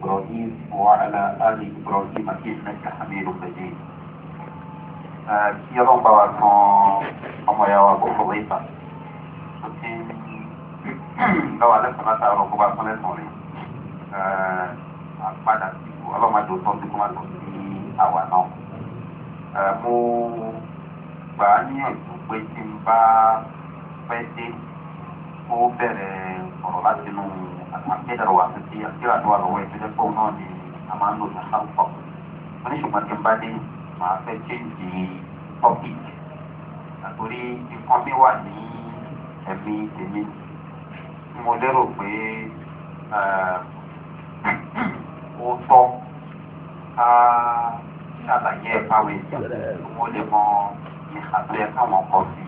إبراهيم وعلى آل إبراهيم إنك حميد مجيد kí ọlọ́run bá wa kan ọmọ ìyá wa kó fọwọ́ ìfà tó ti ń lọ́wọ́ alẹ́sàn látàárọ̀ kó bá fún lẹ́sàn rẹ̀ àpadà sí ọlọ́mọdé máa lọ sí àwa náà. mo gbà á níyànjú pé tí n bá pẹ́ dé kó bẹ̀rẹ̀ ọ̀rọ̀ látinú àkídàrà wà sí ti àkídàrà tó wà lọ́wọ́ ẹ̀ tó jẹ́ fóun náà ni a máa ń lò ní sáfọ̀ wọ́n ní ṣùgbọ́n tí n bá dé màá fẹ́ chéǹjì topic àtòrí nǹkan mi wà ní ẹ̀mí tèmi tí mo lérò pé ó tọ́ ká ṣàlàyé ẹ̀fáwé mo lè mọ ìṣàtúnyẹ káwọn kọ sí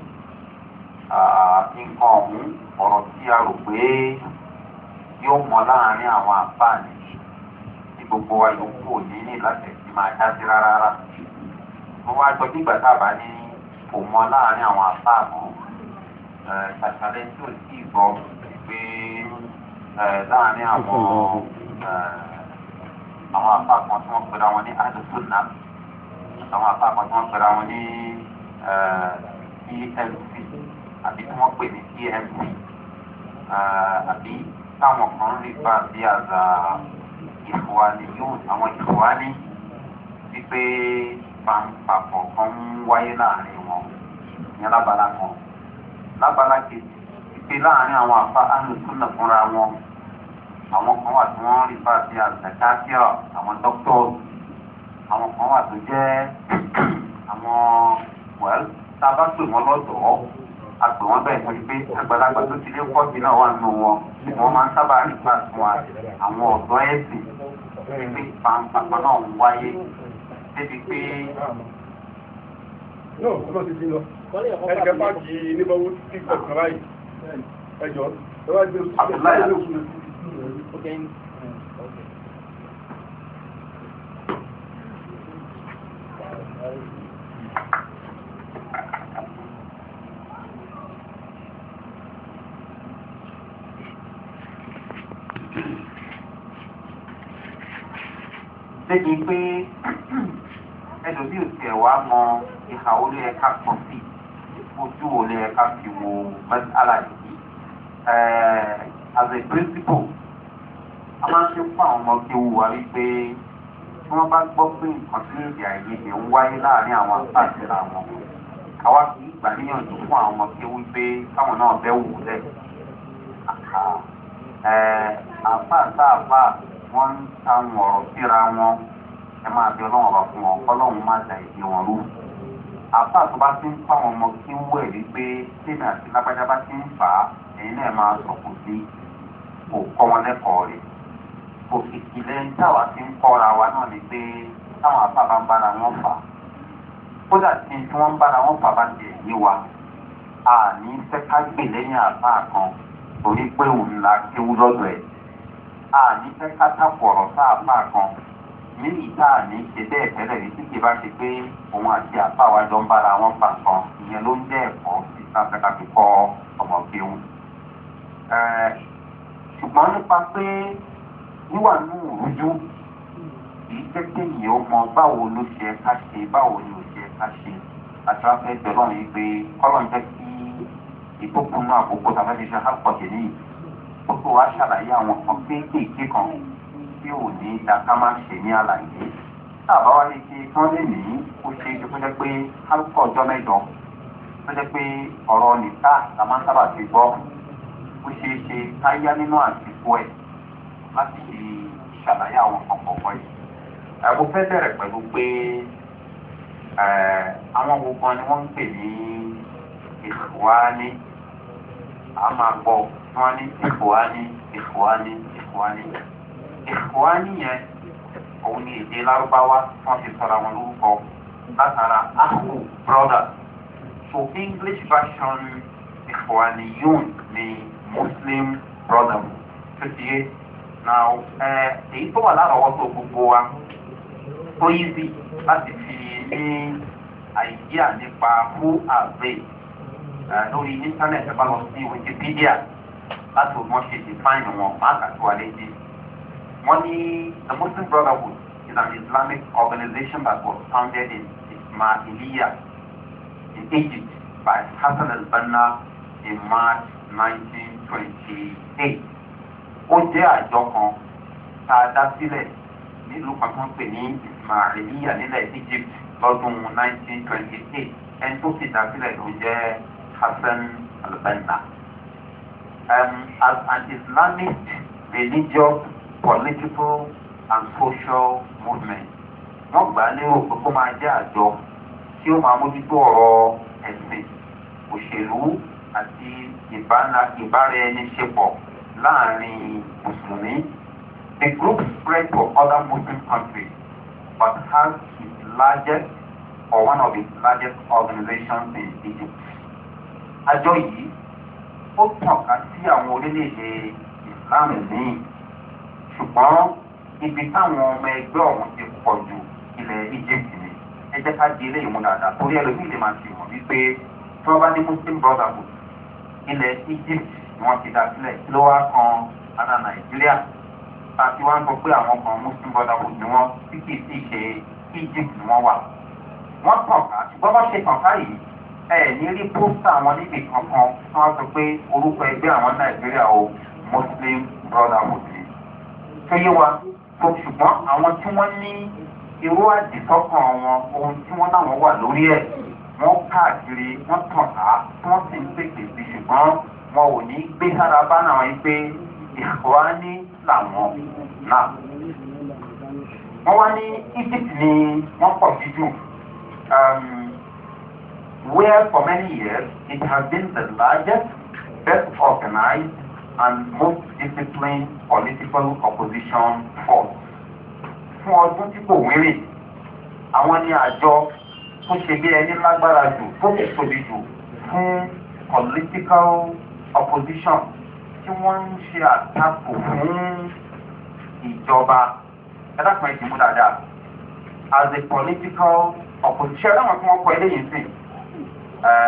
nǹkan ọ̀hún ọ̀rọ̀ tí a rò pé yóò mọ láàrin àwọn àǹfààní tí gbogbo wa yòókù òní ní láti ti máa dá sí rárá rárá. mo wá gbọ́ nígbà tá a bá ní kò mọ láàrin àwọn àfáàbò ṣàṣàlẹ̀ tí ò sí ìgbọ́ pé láàrin àwọn àwọn àfáàbò tí wọ́n pera wọn ní àdùsùnà àwọn àfáàbò tí wọ́n pera wọn ní elc àbí tí wọ́n pè ní tmc e táwọn kan rí bá bí àgbà ìfúwani yóò àwọn ìfúwani wípé pàǹpàpọ̀ kan ń wáyé láàrin wọn ìyẹn lábala kan lábala kejì wípé láàrin àwọn àfa alùsùnà fúnra wọn àwọn kan wà tí wọ́n rí bá bí àgbà káfíà àwọn dókítọ̀s àwọn kan wà tó jẹ́ àwọn wẹ́l tá a bá pè wọ́n lọ́dọ̀ọ́ àgbè wọn bẹ́ẹ̀ torí pé àgbàlagbà tó ti lé kọ́ọ̀tì náà wà nù wọn ni wọ́n máa ń sábà rí pàṣẹ wọn àwọn ọ̀dọ́ ẹ̀sìn pé pàǹpàpà náà ń wáyé débi pé. yóò lọ sí lọ ẹnìkan bá kí níbọwó tí kò Thank you. débi pé ẹlòmíì tẹ̀ wá mọ ìhà orí ẹ̀ka pọ̀ sí ojú orí ẹ̀ka fi wo mẹ́tàlá yìí eh, as a principal a máa ń ṣe fún àwọn ọmọ kí wù wá wípé tí wọ́n bá gbọ́ pé nǹkan tí èdè àìyedè ń wáyé láàrin àwọn àtàtì àwọn àwa kì í gbà níyànjú fún àwọn ọmọ kí wípé káwọn náà bẹ́ wù lẹ̀ àkàrà. Ee, àfa àfa wọn ń ta ọ̀rọ̀ síra wọn ẹ máa fi ọba fún wọn ọlọ́run máa da ìdí wọn rú tó bá ti ń fáwọn ọmọ kí ń wẹ̀ wípé tèmi àti bá ti ń fà á ẹ̀yin náà máa sí kò kọ́ wọn lẹ́kọ̀ọ́ rẹ̀ kò táwa ti ń kọ́ra wa náà ni pé táwọn àfa bá ń bára wọn fà kódà tí tí wọ́n ń wọn fà bá wa àní fẹ́ torí pé òun la kéwú lọ́dọ̀ ẹ̀. a ní fẹ́ kátàpọ̀rọ̀ sáàpá kan mímì tá a ní ṣe bẹ́ẹ̀ tẹ́lẹ̀ rí tí kì bá ṣe pé òun àti àpá wa jọ ń bára wọn pa kan ìyẹn ló ń jẹ́ ẹ̀kọ́ sí sáfẹ́ká fi kọ́ ọmọ kéwú. ṣùgbọ́n nípa pé wíwà nù rújú kìí jẹ́ kéèyàn ó mọ báwo ló ṣe ká ṣe báwo ni ò ṣe ká ṣe àti wọn fẹ́ bẹ̀rọ̀ yìí pé kọ́lọ̀ ń jẹ́ kí ìkókò náà àkókò tàbí ẹni ṣe hápọ̀ tẹ̀lé yìí ó kó wá ṣàlàyé àwọn kan kéékèèké kan tí ò ní dáká máa ṣe ní àlàyé àbá wa lè ṣe tán lè ní ó ṣe é ṣe kó jẹ́ pé hápọ̀ ọjọ́ mẹ́jọ tó jẹ́ pé ọ̀rọ̀ nìta la máa ń sábà ti gbọ́ ó ṣe é ṣe táyá nínú àsìkò ẹ̀ láti ṣàlàyé àwọn kan kọ̀ọ̀kan yìí ẹ̀kú fẹ́ bẹ̀rẹ̀ pẹ̀lú pé àwọn gbogbo ni wọ́n ń pè ní ìwá ní a máa gbọ́ wọn ní ìfòwání ìfòwání ìfòwání ìfòwání yẹn òun ni èdè lárúbáwá wọn fi sọra wọn lórúkọ látara ahu brother so english version ìfòwání yóò ní muslim brother fifty-eight now èyí tó wà lárọ̀ọ́wọ́tò gbogbo wa tó yí sí láti fi ní àìdíà nípa who are they. Eh, lórí íńtánẹ̀tì bá lọ sí wikipedia láti wọ́n ṣe define wọn máàkà tó wà létí. wọ́n ní the muslim brotherhood is an islamic organization that was founded in ismailiya in egypt by hassan al-banna in march 1928. ó jẹ́ àjọ kan tá a dá sílẹ̀ nílùú kan tó ń pè ní ismailiya nílẹ̀ egypt lọ́dún 1928 ẹni tó sì dá sílẹ̀ ló jẹ́ Hassan al-Banna. Um, as an Islamic religious, political and social movement, wọ́n gbà á lérò pé kó máa jẹ́ àjọ tí ó máa mójútó ọ̀rọ̀ ẹ̀sìn òṣèlú àti ìbáraẹniṣepọ̀ láàrin mùsùlùmí. The group spread to other Muslim countries but has its largest or one of its largest organizations in Egypt àjọ yìí ó tàn ká sí àwọn orílẹ̀-èdè islam míì ṣùgbọ́n ibi táwọn ọmọ ẹgbẹ́ ọ̀hún ti pọ̀ ju ilẹ̀ egypt ni ẹ jẹ́ ká di ilé ìmú dáadáa torí ẹlòmíì lè máa ti mọ̀ wípé tí wọ́n bá ní muslim brotherhood ilẹ̀ egypt ni wọ́n ti dá sílẹ̀ kí ló wá kan ara nàìjíríà àti wá ń sọ pé àwọn kan muslim brotherhood ni wọ́n tí kì í sì ṣe egypt ni wọ́n wà wọ́n tàn ká ṣùgbọ́n bá ṣe tàn ká yìí ẹ ní rí pósítà àwọn níbi kankan tí wọ́n sọ pé orúkọ ẹgbẹ́ àwọn nàìjíríà o muslim brotherhood ni. tó yé wa tó ṣùgbọ́n àwọn tí wọ́n ní irú àdìsọ́kàn wọn ohun tí wọ́n náà wà lórí ẹ̀ wọ́n káàkiri wọ́n tàn á tí wọ́n sì ń pèsè sí ṣùgbọ́n wọn ò ní gbé sára bá náà yín pé ìkọ́wá ní làwọn náà. wọ́n wá ní egypt ni wọ́n pọ̀ jíjù where for many years it has been the largest, best organized, and most disciplined political opposition force. Fún ọdún tí kò wérè, àwọn ni àjọ tó ṣe bí ẹni lágbára jù tó kò tóbi jù fún political opposition tí wọ́n ń ṣe àtakò fún ìjọba. Ẹ dákun ẹ jìmú dáadáa. As a political opposition, ṣé ẹ dáhùn tí wọ́n kọ eléyìí sìn?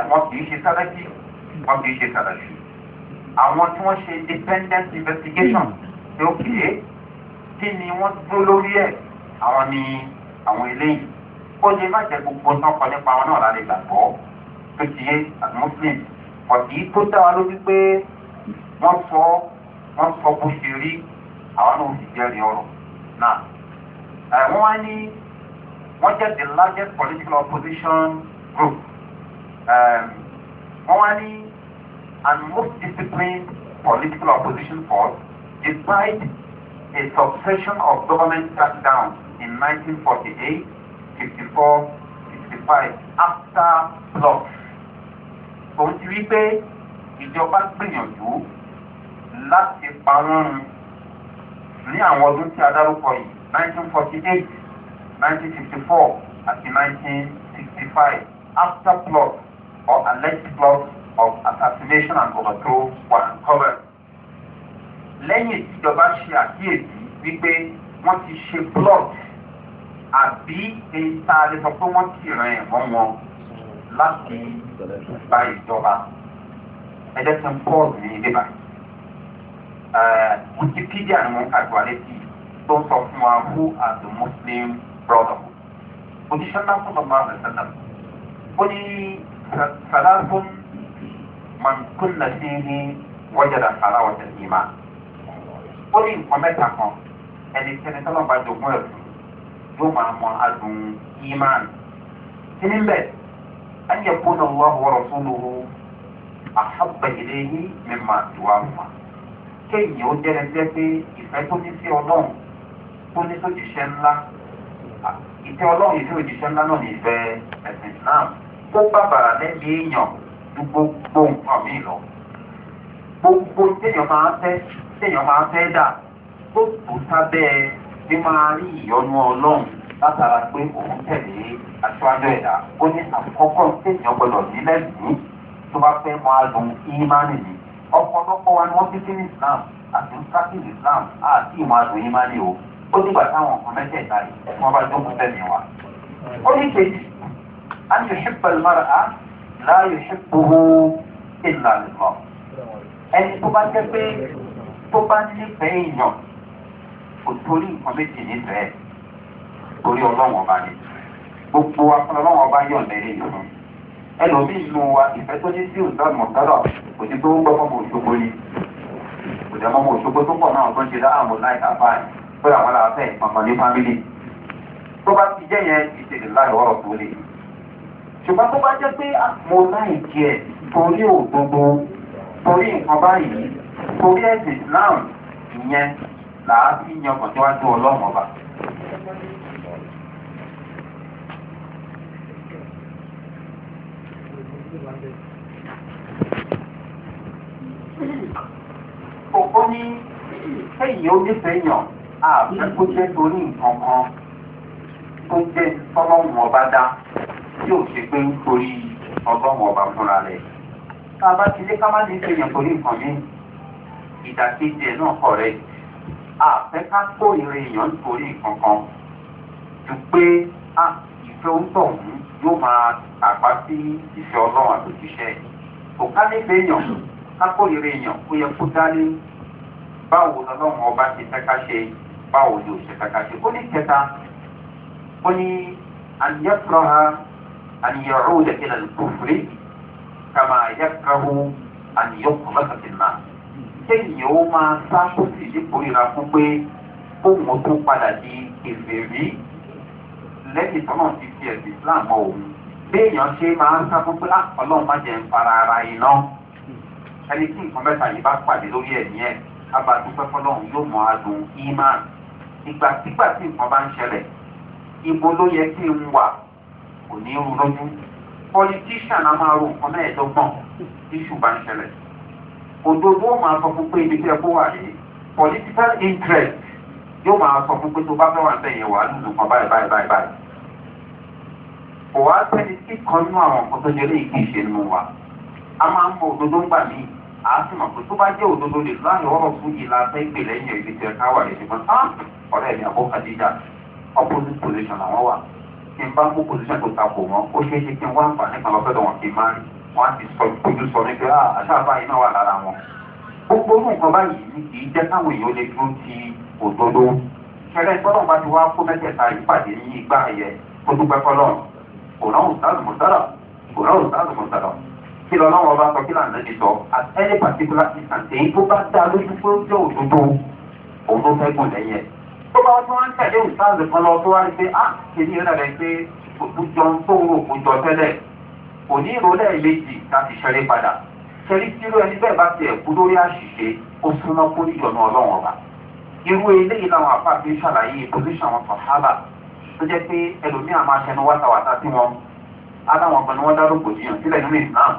wọn kì í ṣe sálẹ́kì wọn kì í ṣe sálẹ́kì àwọn tí wọ́n ṣe dependent investigation ṣe ó kéé kí ni wọ́n dúró lórí ẹ̀ àwọn ni àwọn eléyìí ó lè má jẹ gbogbo tán kọ nípa àwọn náà lálẹ́ gbàgbọ́ tó ti yé as muslim ọ̀tí tó dá wa lójú pé wọ́n sọ wọ́n sọ bó ṣe rí àwọn náà sì jẹ́rìí ọ̀rọ̀ náà wọ́n wá ní wọ́n jẹ́ the largest political opposition group Um, wọ́n wá and most disciplined political opposition force despite a succession of government shutdowns in 1948, 54, 65 after blocks. So ti rí pé ìjọba gbìyànjú láti parun ní àwọn ọdún tí a dárúkọ yìí 1948, 1954 àti 1965 after blocks or alleged plot of assassination and overthrow were uncovered. lẹ́yìn ìjọba ṣe àkíyèsí wípé wọ́n ti ṣe plot àbí èyí a lè sọ pé wọ́n ti ràn ẹ̀wọ̀n wọn láti gba ìjọba ẹ̀jẹ̀ tí ń pọ̀ ní ilé báyìí. wikipedia ni wọ́n kàdùn alẹ́ sí tó ń sọ fún wa who are the muslim brotherhood. òjíṣẹ́ náà sọ̀rọ̀ máa bẹ̀rẹ̀ sẹ́dá. ó ní ثلاث من كل فيه وجد حلاوة الإيمان ó ní nǹkan mẹ́ta kan ẹni tí ẹni tọ́lọ́ bá jogún ẹ̀fù yóò máa mọ adùn ìmán kíní bẹ́ ẹni yẹ kó lọ́wọ́ wọ́rọ̀ fún lóru àhábẹ̀yẹlẹ́ yìí mi máa ti wá fún wa kéèyàn ó jẹ́rẹ́ jẹ́ pé ìfẹ́ tó ní sí ọlọ́run tó ní sójúṣe ńlá ìfẹ́ ọlọ́run ìfẹ́ òjúṣe ńlá náà ní ìfẹ́ ẹ̀sìn náà kó bàbàrà lẹ́bi èèyàn ju gbogbo nǹkan mi lọ gbogbo téèyàn máa fẹ́ téèyàn máa fẹ́ dà gbogbo sábẹ́ bí máa rí ìyọnu ọlọ́run látara pé òun tẹ̀lé aṣáájú ẹ̀dá ó ní àkọ́kọ́ téèyàn gbọdọ̀ nílẹ̀ yìí tó bá fẹ́ mọ alùn ìmánì ni ọ̀pọ̀lọpọ̀ wa ni wọ́n bíbí ní islam àti kákìlì islam àti ìmọ̀ alùn ìmánì o ó dìgbà táwọn ọkùnrin mẹ́tẹ̀ẹ̀ta yìí wọ́n bá jókòó fẹ́mi wa ó ní kejì أن يحب المرأة لا يحبه إلا لله ẹni tó bá jẹ́ pé tó bá nífẹ̀ẹ́ èèyàn kò torí nǹkan méjì nífẹ̀ẹ́ torí ọlọ́wọ́n ọba ni gbogbo afọlọ́wọ́n ọba yọ̀ǹda ẹni yìí fún ẹlòmíín nu wa ìfẹ́ tó ní sí òǹdọ́ọ̀nù mọ̀tọ́lọ̀ kò ní tó ń gbọ́ mọ́mọ́ òṣogbo ni kò jẹ́ mọ́mọ́ òṣogbo tó pọ̀ náà tó ń ṣe láàmú láì àbáyé pé àwọn làwọn fẹ́ ní fámílì tó bá ti jẹ́ yẹn ìṣèlè láì wọ́rọ̀ tó lè yìí ṣùgbọ́n tó bá jẹ́ pé mo láì jẹ torí òdodo torí nǹkan báyìí torí ẹ̀sìn islam ìyẹn làá yan kàn síwájú Òkú ní kéèyàn onífẹ̀ẹ́ yàn jẹ́ torí nǹkan kan tó jẹ́ tọ́lọ́run ọba dá tí ò ṣe pé ń torí ọgọ́rùn-ún ọba fúnra rẹ̀. tá a bá ti lé kámá ní ìṣèyàn torí nǹkan mi ìdàkejì ẹ̀ náà kọ̀ rẹ̀ àfẹ́ ká kó ìrìn èèyàn nítorí nǹkan kan ju pé ìfẹ́ oúntọ̀ ọ̀hún yóò máa tàpá sí ìfẹ́ ọlọ́run àtòjíṣẹ́ kò ká nífẹ̀ẹ́ èèyàn ká kó ìrìn èèyàn ó yẹ kó dálé báwo lọ́lọ́run ọba ti fẹ́ ká ṣe báwo ni òṣèlú ká ṣe ó ní kẹta ó ní àyẹ̀kọ́ أن يعود إلى الكفر كما يكره أن يقبض في الماء kéèyàn ó máa sá kó sì nípòrira fún pé kóun tó padà di ìfèrí lẹ́yìn tọ́nà ti fi ẹ̀sìn islam mọ́ òun béèyàn ṣe máa ń sá fún pé ah, ọlọ́run má jẹ́ ń fara ara iná ẹni tí nǹkan mẹ́ta yìí bá pàdé lórí ẹ̀mí ẹ̀ abàdúpẹ́ fọlọ́run yóò mọ adùn iman ìgbàkigbà tí nǹkan bá ń ṣẹlẹ̀ ibo ló yẹ kí n wà kò ní rú lójú politician a máa ro nǹkan mẹ́ẹ̀ẹ́dọ́gbọ̀n tí ṣùgbọ́n ń ṣẹlẹ̀ òdodo ó máa sọ fún pé ibi tí ẹ kó wà yìí political interest yóò máa sọ fún pé tó bá fẹ́ wà bẹ́ẹ̀ yẹn wà á lùlù kan báyìí báyìí báyìí báyìí kò wá sẹ́ni tí kan nínú àwọn nǹkan tó jẹ́ lé ìgbé ìṣèlú wa a máa ń mọ òdodo ń gbà míì a sì mọ̀ pé tó bá jẹ́ òdodo lè láàyè ọ̀rọ̀ fún yìí la fẹ́ gbè lẹ́yìn ibi tí ẹ ká wà yìí ṣùgbọ́n ah! ọ̀rẹ́ mi àbọ̀ kàdíjà opposite position àwọn wà kí n bá mú pòsíṣàn tó ta kò wọ́n ó ṣeé ṣe kí n wá àǹfààní kan lọ́sọ̀dọ̀ wọn kì í máa rí wọn á ti sọ ìpójú sọ ní pé ah, àṣàbá iná wà lára wọn. gbogbo orú nǹkan báyìí ni kì í jẹ́ káwọn èèyàn lè dúró ti òdodo. ṣẹlẹ̀ tọ́lọ̀ bá ti wá kó mẹ́tẹ̀ẹ̀ta ìpàdé ní igbá ẹ̀yẹ kó dúpẹ́ fọlọ́run kò ráhùn sáàlù mọ̀sálà kò ráhùn sáàlù mọ̀sálà kí lọ lọ́wọ́ particular instance èyí tó bá dá lójú pé ó jẹ́ òdodo òun ló fẹ́ tó bá wọn tí wọn ń tẹ̀lé ìsáàzì kan lọ tó wá rí pé á ah, kìíní rẹ̀ rẹ̀ pé kò jọ ń tó rò kò jọ tẹ́lẹ̀ kò ní ìrọ̀lẹ́ méjì láti ṣẹlẹ̀ padà ṣẹlẹ̀ tírú ẹni bẹ́ẹ̀ bá tiẹ̀ kú lórí àṣìṣe ó súnmọ́ kó ní ìyọ̀nà ọlọ́run ọba irú eléyìí làwọn àpá fi ṣàlàyé pòsíṣàn àwọn sọ̀hábà tó jẹ́ pé ẹlòmíà máa ṣẹnu wátawàta sí wọn aláwọn ọmọ ni wọ́n dárò kò jiyàn sílẹ̀ nínú islam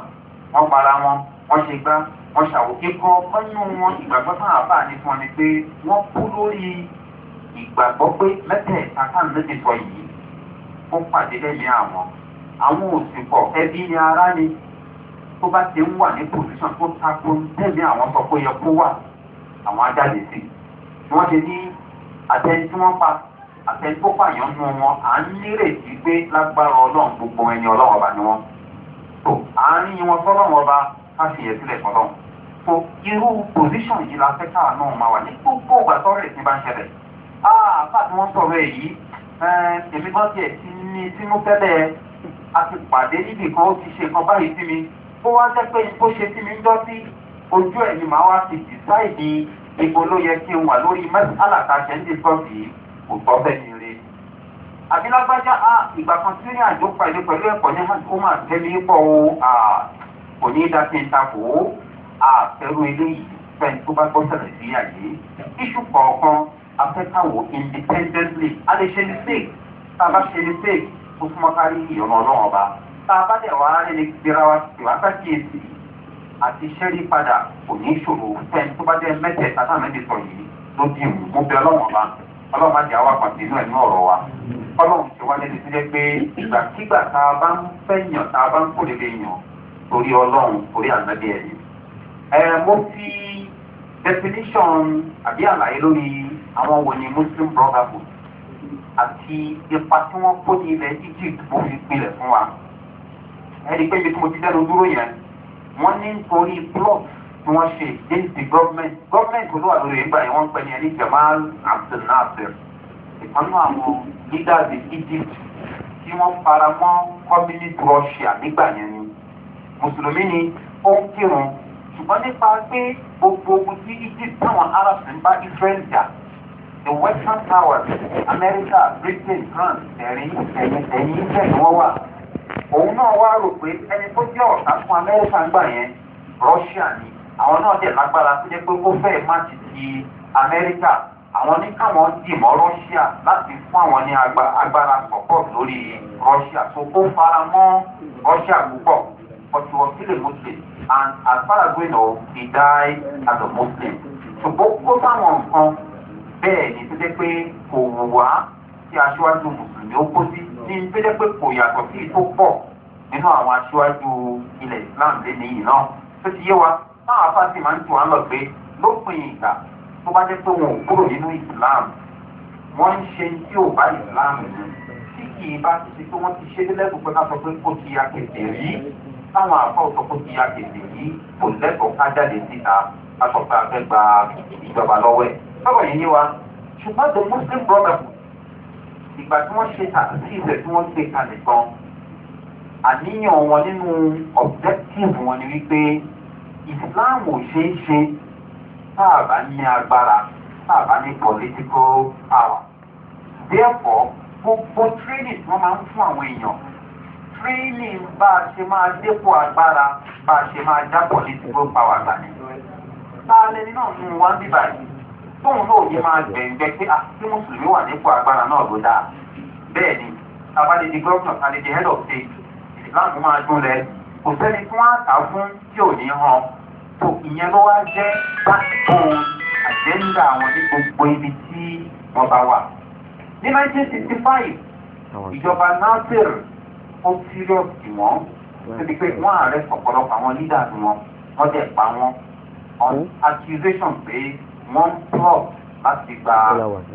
wọ́n para wọn wọ́n ṣe gbá wọ́n ṣàwò kíkọ́ pẹ́yìn wọn ìgbàgbọ́ sáà bá ní fún ọ ni pé wọ́n kú lórí ìgbàgbọ́ pé mẹ́tẹ̀ẹ̀ta kan méjì sọ yìí ó pàdé lẹ́mí àwọn àwọn òsìkọ̀ ẹbí ni ara ni tó bá ti ń wà ní pòsíṣàn tó tako lẹ́mí àwọn sọ pé yẹ kó wà àwọn ajáde sí i wọ́n ti ní àtẹni tí wọ́n pa àtẹni tó pààyàn nú wọn à ń nírètí pé lágbára ọlọ́run gbogbo ẹni ọlọ́run ọba ni wọ́n tó àárín wọn sọ́lọ́run ọba ká fi yẹ sílẹ̀ fọlọ́run so irú pòsíṣàn yìí la fẹ́ káà náà máa wà ní gbogbo ìgbà tọ́rẹ̀ tí bá ń ṣẹlẹ̀ àfà tí wọ́n sọ̀rọ̀ ẹ̀ yìí èmi kan tiẹ̀ ti ní tí mo fẹ́ bẹ́ẹ̀ a ti pàdé níbì kan ó ti ṣe nǹkan báyìí sí mi ó wá jẹ́ pé bó ṣe sí mi ń jọ́ sí ojú ẹ̀ ni màá wá ti dìsáìdì ibo ló yẹ kí n wà lórí mẹ́sàlá ta ṣe ń dìkọ́sì kò gbọ́ bẹ́ẹ̀ ni re. àbílágbájá a ìgbà kan tí ní àjò pàdé pẹ̀lú ẹ̀kọ́ ní ó tẹ́lẹ̀ pọ̀ o kò ní í dá sí ìta kò ó àfẹ́rú eléyìí fẹ́ni tó bá gbọ́ sẹ̀rẹ̀ sí àyè iṣu kọ̀ọ̀kan afẹ́kàwò independently a lè ṣe mistake tá a bá ṣe mistake ó súnmọ́ kárí ìrọ̀ ọlọ́run ọba tá a bá dẹ̀ wá rẹ̀ lè gbéra wa sí wá sákìyèsí àti ṣẹ́rí padà kò ní ṣòro fẹ́ tó bá jẹ́ mẹ́tẹ̀ẹ̀ta táwọn ẹ̀dẹ̀ sọ yìí ló di ìwù mo bẹ ọlọ́run ọba ọlọ́run má jẹ́ àwọn àpàtì inú ẹ̀mí ọ̀rọ̀ wa ọlọ́run ṣe wá lẹ́nu sílẹ̀ pé ìgbàkigbà tá a bá ń fẹ́ yàn tá a bá ń kó yàn torí ọlọ́run torí àgbẹ̀dẹ̀ ẹ̀yìn. ẹ mo fi definition àbí àlàyé lórí àwọn wò ní muslim brotherhood àti ipa tí wọ́n kó ní ilẹ̀ egypt ó fi pilẹ̀ fún wa ẹni pé ibi tí mo ti dẹ́nu dúró yẹn wọ́n ní nítorí plot tí wọ́n ṣe against the government government olúwa lórí ìgbà yẹn wọ́n ń pè ní ẹni jamal abdul nasir ìkan náà àwọn leaders in egypt tí wọ́n fara mọ́ communist russia nígbà yẹn ni mùsùlùmí ni ó ń kírun ṣùgbọ́n nípa pé gbogbo ogun tí egypt táwọn arabs ń bá israel jà the western powers america britain france ẹ̀rín ẹ̀yìn ẹ̀yìn tẹ̀ ni wọ́n wà òun náà wá rò pé ẹni tó jẹ́ ọ̀tá fún amẹ́ríkà gbà yẹn russia ni àwọn náà dẹ̀ lágbára tó jẹ́ pé kó fẹ́ẹ̀ má ti ti amẹ́ríkà àwọn ní káwọn dì mọ́ russia láti fún àwọn ní agbára pọ̀pọ̀ lórí russia tó kó fara mọ́ russia púpọ̀ but he was still a muslim and as far as we know he died as a muslim ṣùgbọ́n kó sáwọn nǹkan bẹ́ẹ̀ ni tó jẹ́ pé kò wù wá tí aṣáájú mùsùlùmí ó kó sí ní tó jẹ́ pé kò yàtọ̀ sí tó pọ̀ nínú àwọn aṣáájú ilẹ̀ islam lẹ́nu yìí náà tó ti yé wa táwọn afáàsì máa ń tù wá lọ pé lópin ìgbà tó bá jẹ́ pé wọn ò kúrò nínú islam wọ́n ń ṣe tí ò bá islam ni tí kì í bá ti ṣe pé wọ́n ti ṣe lẹ́kùn pé ká sọ pé kó ti ya kẹ̀kẹ́ rí táwọn àfọ sọ pé ti ya kẹ̀kẹ́ rí kò lẹ́kọ̀ọ́ ká jáde síta ká sọ pé a fẹ́ gba ìjọba lọ́wọ́ ẹ̀ sábà yìí wa ṣùgbọ́n the muslim brotherhood ìgbà tí wọ́n ṣe àtúntì ìfẹ́ tí wọ́n gbé kalẹ̀ gan àníyàn wọn nínú objective wọn ni wípé islam ò ṣeé ṣe tá a bá ní agbára tá a bá ní political power therefore gbogbo training tí wọ́n máa ń fún àwọn èèyàn training bá a ṣe máa dépò agbára bá a ṣe máa já political power gbà ní. tá a lẹni náà mú wá bíbáyìí fóun náà yẹ máa gbẹ̀ngbẹ́ pé àti ah, mùsùlùmí wà nípò agbára náà ló dáa bẹ́ẹ̀ ni abájáde gọ́ọ̀nà àdéjì head of state ìsìláàmù máa dúnlẹ̀ kò sẹ́ni tí wọ́n á kà fún tí ò ní hàn tó ìyẹn ló wá jẹ́ backbone agenda àwọn ní gbogbo ibi tí wọ́n bá wà. ní 1965 ìjọba nasir ó serious jù wọ́n síbi pé wọ́n ààrẹ ọ̀pọ̀lọpọ̀ àwọn leaders wọn wọ́n dẹ̀ pa wọ́n on accusation pé wọ́n pọ̀ láti gba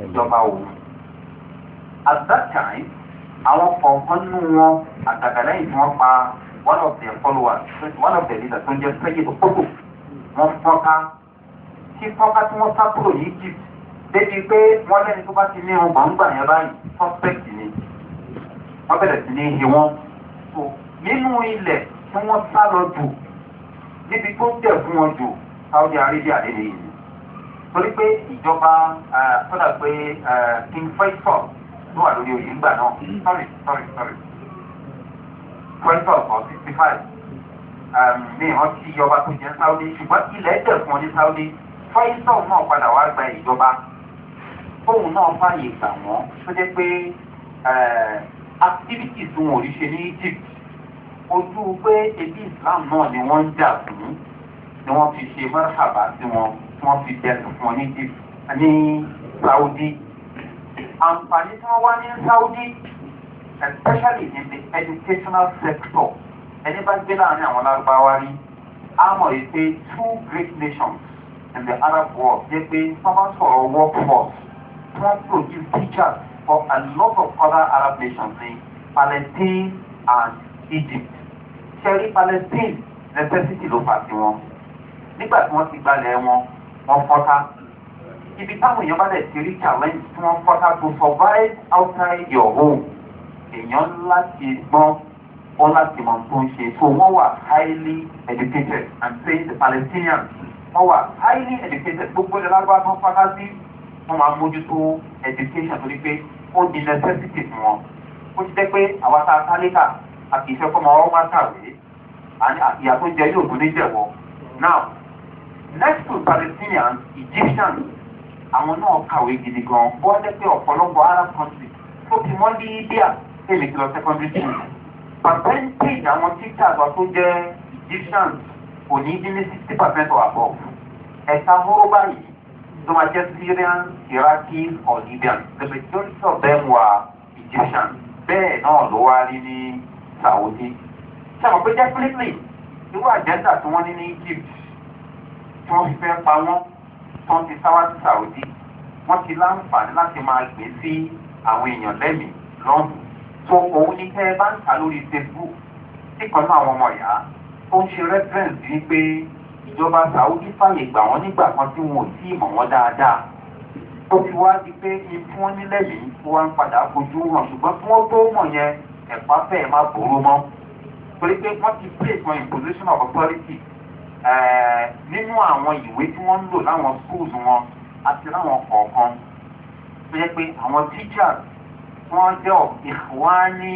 ìjọba òun. at that time àwọn kọ̀ọ̀kan nínú wọn àtàkàlẹ́yìn tí wọ́n pa one of their followers one of their leaders tó ń jẹ́ pẹ́yìntì pọ́tò wọ́n fọ́ká tí fọ́ká tí wọ́n sá kúrò ní egypt débi pé wọ́n lẹ́ni tó bá ti ní ọgbà ń gbà yẹn báyìí suspect ni wọ́n bẹ̀rẹ̀ sí ní ihe wọn. nínú ilẹ̀ tí wọ́n sá lọ jù níbi tó jẹ̀ fún wọn jù saudi arabia lè nìyí torí pé ìjọba sọ́dà pé king faisal ló wà lórí oyè ńgbà náà hmm. sorry sorry sorry faisal for sixty five ní ìran tí ìjọba tó jẹ́ saudi ṣùgbọ́n ilẹ̀ dẹ̀kun ní saudi faisal náà padà wá gba ìjọba fóun náà fààyè gbà wọ́n tó jẹ́ pé activities wọn ò rí ṣe ní egypt ojú pé ebi islam náà ni wọ́n ń jà fún ni wọ́n fi ṣe mọ́tàbá sí wọn wọ́n fi dẹ̀sùn fún ní ní saudi àǹfààní tí wọ́n wá ní saudi especially in the educational sector ẹni bá gbé láàrin àwọn lárúbáwá rí a yìí pé two great nations in the arab world jẹ́ pé sábà sọ̀rọ̀ workforce wọ́n produce teachers for a lot of other arab nations ní palestine and egypt ṣe rí palestine necessity ló fà sí wọn nígbà tí wọ́n ti gbalẹ̀ wọn wọ́n fọ́ká. Ibi táwọn èèyàn bá dẹ̀ ti rí challenge tí wọ́n fọ́ká to survive outside your home. Èèyàn láti gbọ́n ó láti mọ̀ tó ń ṣe. So wọ́n wà highly educated and trained Palestinians. Wọ́n wà highly educated. Gbogbo ìlú alágbá tó ń fọ́ká sí wọ́n máa mójútó education torí pé ó di necessity fún wọn. Ó ti jẹ́ pé àwa tá a tálíkà àti ìfẹ́ kọ́mọ ọwọ́ máa kàwé. Àní àtìyà tó jẹ yóò dún níjẹ̀wọ̀. Now next to palestinians egyptians àwọn náà kàwé gidi gan bọ́ jẹ́ pé ọ̀pọ̀lọpọ̀ arab country tó fi mọ́ libya tẹ̀lé kìlọ̀ secondary school percentage àwọn teachers wa tó jẹ́ egyptians kò ní dín ní sixty percent or above ẹ̀ka hóró báyìí tó máa jẹ́ syrian iraqi or libyan the majority of them were egyptians bẹ́ẹ̀ náà ló wá rí ní saudi ṣàmùpé jẹ́ philippines irú àjẹ́sà tí wọ́n ní ní egypt tí wọ́n fi fẹ́ pa wọ́n tí wọ́n ti sáwá sí sàwùdí wọ́n ti láǹfààní láti máa gbé sí àwọn èèyàn lẹ́mìí lọ́hùn. tó òun ni kẹ́ ẹ bá ń ta lórí facebook tí kan náà àwọn ọmọ ìyá ó ń ṣe reference ní pé ìjọba sàwùdí fàyè gbà wọ́n nígbà kan tí wọn ò tí ì mọ̀ wọ́n dáadáa. ó fi wá di pé ní tí wọ́n nílẹ̀ yìí tí wọ́n ń padà fojú hàn ṣùgbọ́n tí wọ́n tó mọ̀ yẹn ẹ̀pá fẹ́ẹ̀ má bòrò mọ́. torí pé wọ́n ti place wọn in position of authority Eh, nínú àwọn ìwé tí wọ́n ń lò láwọn schools wọn àti láwọn kọ̀ọ̀kan tó yẹ pé àwọn teachers wọ́n jẹ́ ìwáni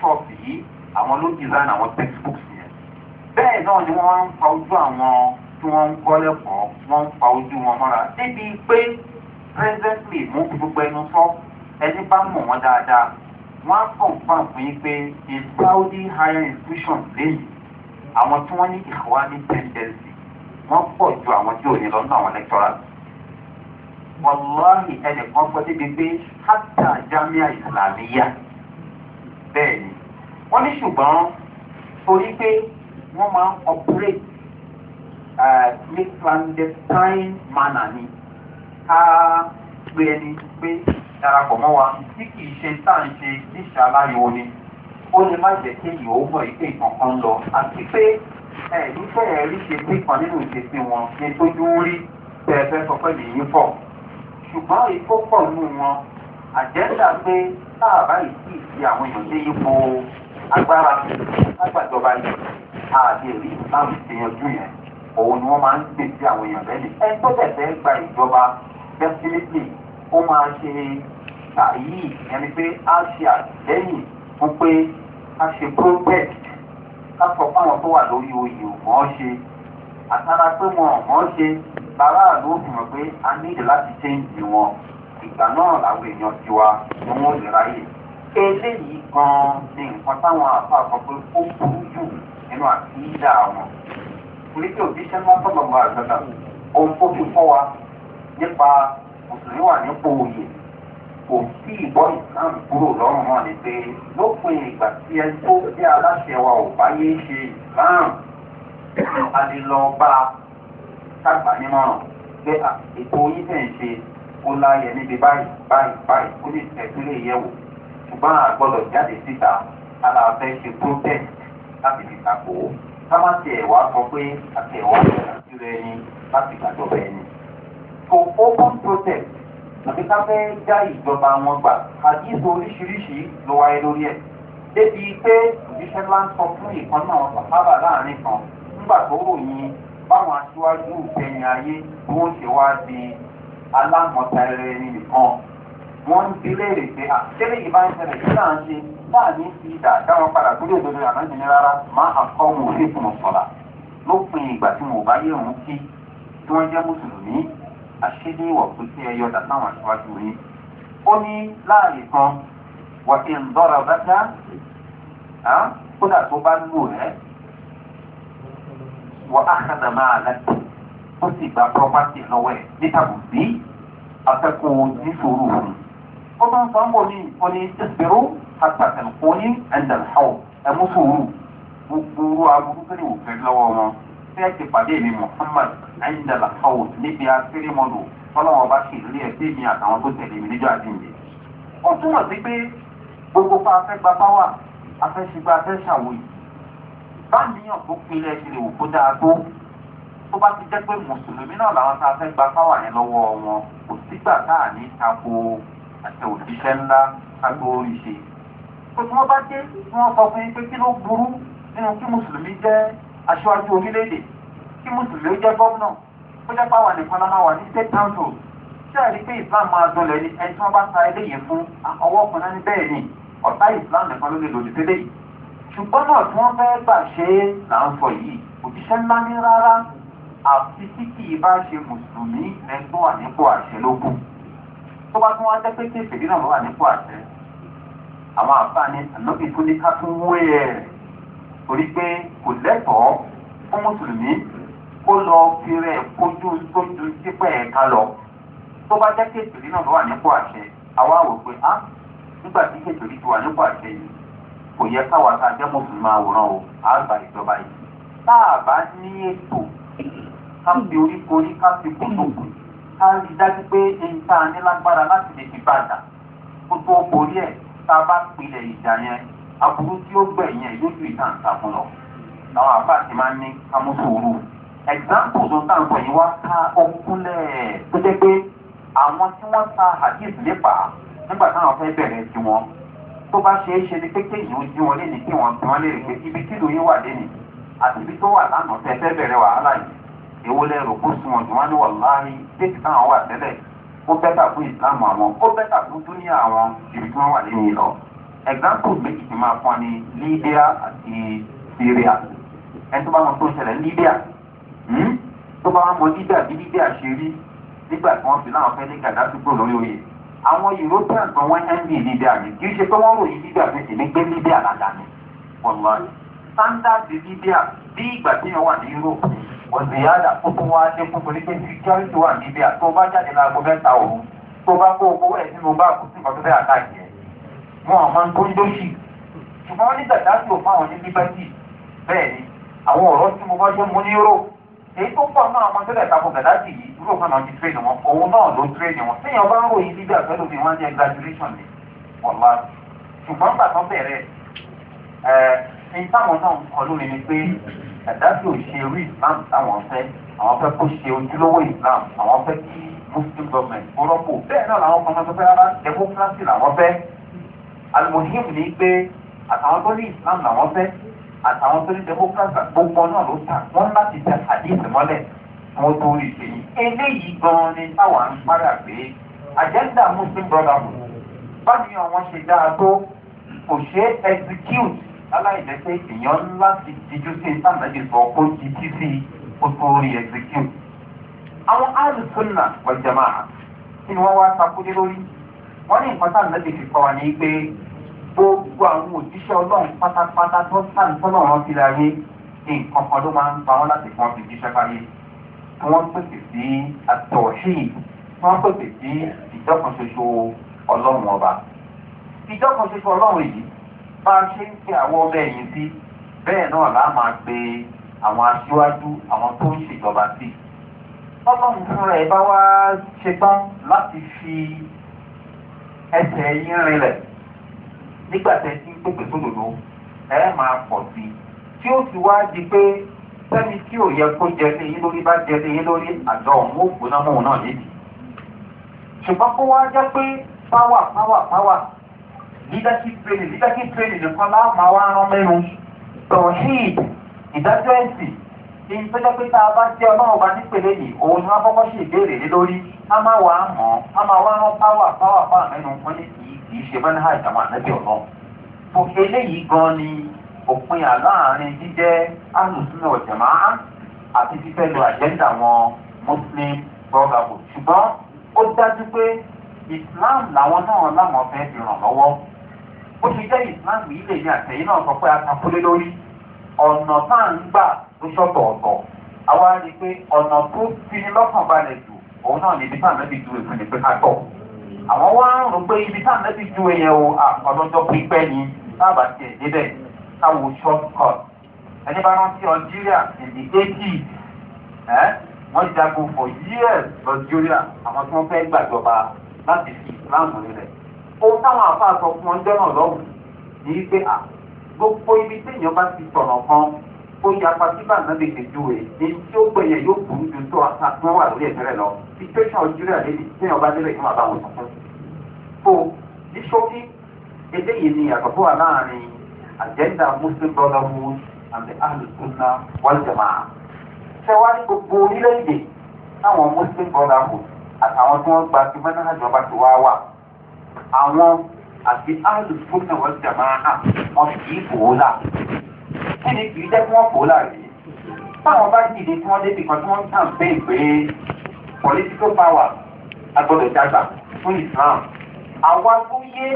ṣọ́ọ̀bù yìí àwọn ló design àwọn textbooks yẹn bẹ́ẹ̀ náà ni wọ́n ń pa ojú àwọn tí wọ́n ń kọ́ lẹ́kọ̀ọ́ wọ́n ń pa ojú wọn mọ́ra débi pé presently mú gbogbo ẹnu sọ ẹni bá mọ̀ wọ́n dáadáa wọ́n á kàn fún àpò yín pé a saudi higher institution lẹ́yìn àwọn tí wọ́n ní ìwádìí tẹ́ndẹ́sì wọ́n pọ̀ ju àwọn tí ò ní lọ́nà àwọn lẹ́kítọ́rà. wàláhì ẹnìkan gbọ́ débi pé hátà jamia ìsìlámíyà bẹ́ẹ̀ ni wọ́n ní ṣùgbọ́n torí pé wọ́n máa ń operate eh, ní clandestine manner ni ká pé ẹni pé darapọ̀ mọ́ wa tí kì í ṣe tá à ń ṣe níṣàlàyé oní ó lè má jẹ́ kéèyàn ó mọ̀ ìpè kankan lọ àti pé ẹ̀ẹ́dí fẹ́ẹ̀ rí ṣe pé kan nínú ìṣesí wọn ní tójú ń rí tẹ̀ẹ̀fẹ́ sọ pé nìyí pọ̀ ṣùgbọ́n ikó pọ̀ nù wọn àjẹ́ńdà pé táàbá yìí kì í fi àwọn èèyàn dé ipò agbára lágbàjọba yìí àti èrí ìsìláàmù ti yanjú yẹn òun ni wọ́n máa ń gbé sí àwọn èèyàn lẹ́nu ẹni tó tẹ̀sẹ̀ gba ìjọba definitely ó máa ṣe ṣàyí ẹni pé á ṣe àtìlẹ́yìn fún pé a ṣe project ká sọ fáwọn tó wà lórí oyè ògbọ́n ṣe àtàrà pé wọn ọ̀gbọ́n ṣe bàrà ló fi hàn pé a nílò láti ṣéǹjì wọn ìgbà náà làwọn èèyàn ti wa ni wọn ò lè ráyè eléyìí gan ni nǹkan táwọn àfa sọ pé ó burú jù nínú àkíyídà wọn torí pé òjíṣẹ́ máa tọ́lọ̀ bá àgbàdà ohun tó fi fọ́ wa nípa mùsùlùmí wà nípò òye kò sí ìbọn ìsìlámù kúrò lọ́rùn náà ni pé lópin ìgbà tí ẹ tó bí aláṣẹ wa ò bá yé ṣe ìsìlámù a lè lọ bá a ṣàgbà nímọ̀ràn pé ètò yín tẹ̀ ń ṣe kó láyẹ níbi báyìí báyìí báyìí kó lè tẹ̀sí lè ṣùgbọ́n a gbọ́dọ̀ jáde síta aláàfẹ́ ṣe protest láti fi tàkò ká má tiẹ̀ wá sọ pé àti ẹ̀wá ìrẹsì rẹ ni láti gbàjọba ẹni. to open protest tàbí ká fẹ́ dá ìjọba wọn gbà àdíìsì oríṣiríṣi ló wáyé lórí ẹ̀ débi pé òjíṣẹ́ ńlá ń sọ fún ìkan náà sàhábà láàrin kan nígbà tó ròyìn báwọn aṣíwájú ìfẹ̀yìn ayé bí wọ́n ṣe wá di alámọ̀ta ẹrẹ ẹni nìkan wọ́n ń bilé rè pé àtẹ́lẹ̀ yìí bá ń ṣẹlẹ̀ kí náà ń ṣe náà ní ti dà dáwọn padà tó lè dodo ànájì ní rárá má àkọ́wò orí ìtumọ̀ sọ̀la lópin ìgbà tí mo bá yẹ̀ àṣírí ìwọ̀ pé kí ẹ yọ̀dà táwọn aṣáájú yín. ó ní láàyè kan wà kí n dọ́ra bàtà kódà tó bá lù ẹ́ wà á kàdà máa láti ó sì gba pọ́pátì lọ́wọ́ ẹ̀ nítàbù bí afẹ́kùn níṣòro fún un. ó tún sọ ń bọ̀ ní ìkọ́ni ìṣẹ̀rọ àtàkùn kọ́ni ẹ̀ńdàlháwọ̀ ẹ̀mú sòrò gbogbo aburú tó lè wò lọ́wọ́ wọn tí ẹ ti pàdé mi muhammad ayindala fawọ níbi asérémọdù fọlọ́wọ́n bá ṣe ìrírí ẹgbẹ́ mi àtàwọn tó tẹ̀lé mi níjọ́ àjíǹde. ó túmọ̀ sí pé gbogbo pa afẹ́gba báwà afẹ́ṣigba afẹ́ṣàwòyí báníyàn tó pinlẹ̀ ṣe lè wò kó dáa tó tó bá ti jẹ́ pé mùsùlùmí náà làwọn tá a fẹ́ gba fáwà yẹn lọ́wọ́ wọn kò sígbà tá à ní tako àti òṣìṣẹ́ ńlá kágbó ìṣe. tó tí wọ́n bá dé tí wọ́n sọ fún yín pé kí ló burú nínú kí mùsùlùmí jẹ́ aṣáájú orílẹ̀-èdè kí mùsùlùmí ó jẹ́ gómìnà ó jẹ́ pàwọn nìkan lọ́nà wà ní state council ṣé àrí pé islam máa dọlẹ̀ ni ẹni tí wọ́n bá sa eléyìí fún ọwọ́ ọkùnrin ní bẹ́ẹ̀ ni ọ̀tá islam nìkan ló lè lòdì sílẹ̀ yìí ṣùgbọ́n náà tí wọ́n fẹ́ gbà ṣe é là ń sọ yìí òjíṣẹ́ ńlá ní rárá àfi tí kì í bá ṣe mùsùlùmí lẹ́gbọ́ wà nípò àṣẹ lókun tó bá tún wá jẹ́ pé kéèké náà ló wà nípò àṣẹ àwọn àbá ànábì tó ní ká tún wé ẹ̀rẹ̀ e. torí pé kò lẹ́tọ̀ọ́ fún mùsùlùmí kó lọ fi rẹ̀ kójú sípẹ́ ẹ̀ka lọ tó bá jẹ́ kéèkìrì náà ló wà nípò àṣẹ àwa wò pé á nígbà tí kéèkìrì ti wà nípò àṣẹ yìí kò yẹ káwa ká jẹ́ mùsùlùmí àwòrán o á ìjọba yìí tá a bá ní ètò ká fi orí korí ká pé ẹni tá a láti lè fi aburú tí ó gbẹ̀yìn ẹ̀ yóò ju ìtàn ìtàkùn lọ làwọn àbá ti máa ń ní example tó ta yìí wá ká okúnlẹ̀ tó jẹ́ pé àwọn ta hadith lépa nígbà táwọn fẹ́ bẹ̀rẹ̀ sí wọn tó bá ṣeé ṣe ni pé kéèyàn ó jí wọn kí wọn wọn ibi tí lóyún wà ati ibi tó wà lánàá tẹ fẹ́ bẹ̀rẹ̀ wàhálà yìí èwo lẹ́rù kó sun ọ̀dùn wọn ní táwọn wà tẹ́lẹ̀ ó bẹ́tà fún ìsìlámù ibi tí lọ. example méjì ti máa fún ni libya àti syria ẹni tó bá mọ tó ń ṣẹlẹ̀ libya hmm? tó bá wọn mọ libya bí libya ṣe rí nígbà tí wọ́n fi láwọn fẹ́ ní gàdáfi gbò lórí oyè àwọn european tó wọ́n ẹ́ndì libya ni kì í ṣe pé wọ́n ròyìn libya fi sì ní gbé libya làdá ni wọ́n standard libya bí ìgbà tí wọ́n wà ní europe òṣèyàdà púpọ̀ wá dé púpọ̀ nígbà tí security wà libya tó bá jáde láago mẹ́ta òru tó bá kó owó ẹ̀ sínú báàgù sí ìkọ́sọ́fẹ́ àtàkì wọn àmọ́ tó ń dóṣì ṣùgbọ́n wọn nígbà tá a lò fáwọn ní liberty bẹ́ẹ̀ ni àwọn ọ̀rọ̀ tí mo bá jẹ́ mo ní rò èyí tó pọ̀ náà àwọn tó lẹ̀ ta ko gàdájì yìí rò fún àwọn ti tírèdì wọn òun náà ló ń tírèdì wọn téèyàn bá ń ròyìn bíbí àfẹ́lò mi wọ́n jẹ́ graduation ni wọ̀lá ṣùgbọ́n gbà tán bẹ̀rẹ̀ ẹ̀ ní táwọn náà kọ lórí ni pé gàdájì ò ṣe irú islam táwọn fẹ́ àwọn fẹ́ kó ṣe ojúlówó islam àwọn fẹ́ kí muslim government kó rọ́pò bẹ́ẹ̀ náà làwọn kan náà tó fẹ́ rárá democracy làwọn fẹ́ alimohim ni pé àtàwọn tó ní islam làwọn fẹ́ àtàwọn tó ní democracy gbogbo náà ló tà wọ́n láti tẹ àdéhùn mọ́lẹ̀ wọ́n tó rí ṣe yìí eléyìí gan ni táwọn ń padà pé agenda muslim brotherhood báyìí àwọn ṣe dáa tó kò ṣe execute aláìlẹ́sẹ̀ èèyàn ńlá ti dijú sí ìtànàjì sọ kó ti tí sí kó tó rí execute àwọn alùpùpù náà wọ́n jẹ́ máa kí wá takú lé lórí wọ́n ní nǹkan táwọn lẹ́bi fi kọ́ wa ní pé gbogbo àwọn òjíṣẹ́ ọlọ́run pátápátá tó sáà tọ́nà wọn ti la yé nǹkan kan ló máa ń pa wọ́n láti fọ́n fi jíṣẹ́ báyé kí wọ́n pèsè sí àtọ̀ṣì kí wọ́n pèsè sí ìjọkan ṣoṣo ọlọ́run ọba. ìjọkan ṣoṣo ọlọ́run yìí bá a ṣe ń pe àwọn ọmọ ẹ̀yìn sí bẹ́ẹ̀ náà là á máa pe àwọn aṣíwájú àwọn tó ń ṣèjọba sí. ọlọ́run fúnra ẹ̀ bá wá ṣetán láti fi ẹsẹ̀ yín rinlẹ̀ nígbà tẹ̀ tí pèpè sódòdó ẹ máa pọ̀ sí tí ó ti wá di pé sẹ́ni tí ò yẹ kó jẹ lé yín lórí bá jẹ lé yín lórí àjọ òun ó gbóná mọ́ òun náà nídìí ṣùgbọ́n kó wá jẹ́ pé páwà páwà páwà leadership training leadership training nìkan láàmú àwọn arán mẹ́rin tọ̀hìn ìdájọ́ ẹ̀sìn ní pẹ́jọ́ pé tá a bá jẹ́ ọlọ́run bá nípele yìí òun ni wọ́n kọ́kọ́ ṣe ìbéèrè lé lórí a máa wà á mọ̀ a máa wá rán páwà páwà fún àmẹ́nu wọn ní kì í kì í ṣe mẹ́nà àjàmọ́ ànábì ọlọ́run. tó eléyìí gan ni òpin àláàrin jíjẹ́ alùsùn ọ̀jẹ̀má àti fífẹ́ lo àjẹ́ńdà wọn muslim brotherhood ṣùgbọ́n ó dájú pé islam làwọn náà láwọn fẹ́ẹ́ fi ràn lọ́wọ́ bó a takúlé lórí ọ̀nà máa ń gbà ló ṣọ̀tọ̀ ọ̀tọ̀ àwa rí i pé ọ̀nà tó fi ní lọ́kàn balẹ̀ jù òun náà ní ibi tá ànábì ju èfún ní pé ká tọ̀ àwọn wá ń rò pé ibi tá ànábì ju èèyàn o ọlọ́jọ́ pípẹ́ ni táàbà tiẹ̀ débẹ̀ táwo short cut ẹni bá rántí algeria in the eighties ẹ wọ́n jagun for years algeria àwọn tí wọ́n fẹ́ gbàjọba láti fi islam rẹ̀ ohun táwọn àfa àsọkùn ọjọ́ náà lọ́wọ́ ní pé à gbogbo ibi téèyàn bá ti sọ̀rọ̀ kan ó yà pa síbà náà lè tẹ̀jú rẹ̀ èyí tí ó gbẹ̀yẹ̀ yóò kú ju tó àtàkùn wà lórí ẹ̀fẹ́rẹ́ lọ situation ojúlẹ̀ àlejò téèyàn bá délẹ̀ yóò máa bá wọn sọ̀tún. so ní ṣókí eléyìí ni àkọ́kọ́ wà láàrin agenda muslim brotherhood and the alusunna waljama. ṣẹ́wárí gbogbo orílẹ̀-èdè táwọn muslim brotherhood àtàwọn tí wọ́n gba ti mẹ́tàlá ìjọba ti wá wà àwọn àti alùpùpù wọn ti àmà hàn wọn kì í fòó là kí ni kì í jẹ́ kí wọ́n fòó là rí táwọn bá dìde kí wọ́n débi kan tí wọ́n kàn bẹ́ẹ̀ pé political power agbọ́dọ̀ dàgbà fún islam àwa tó yé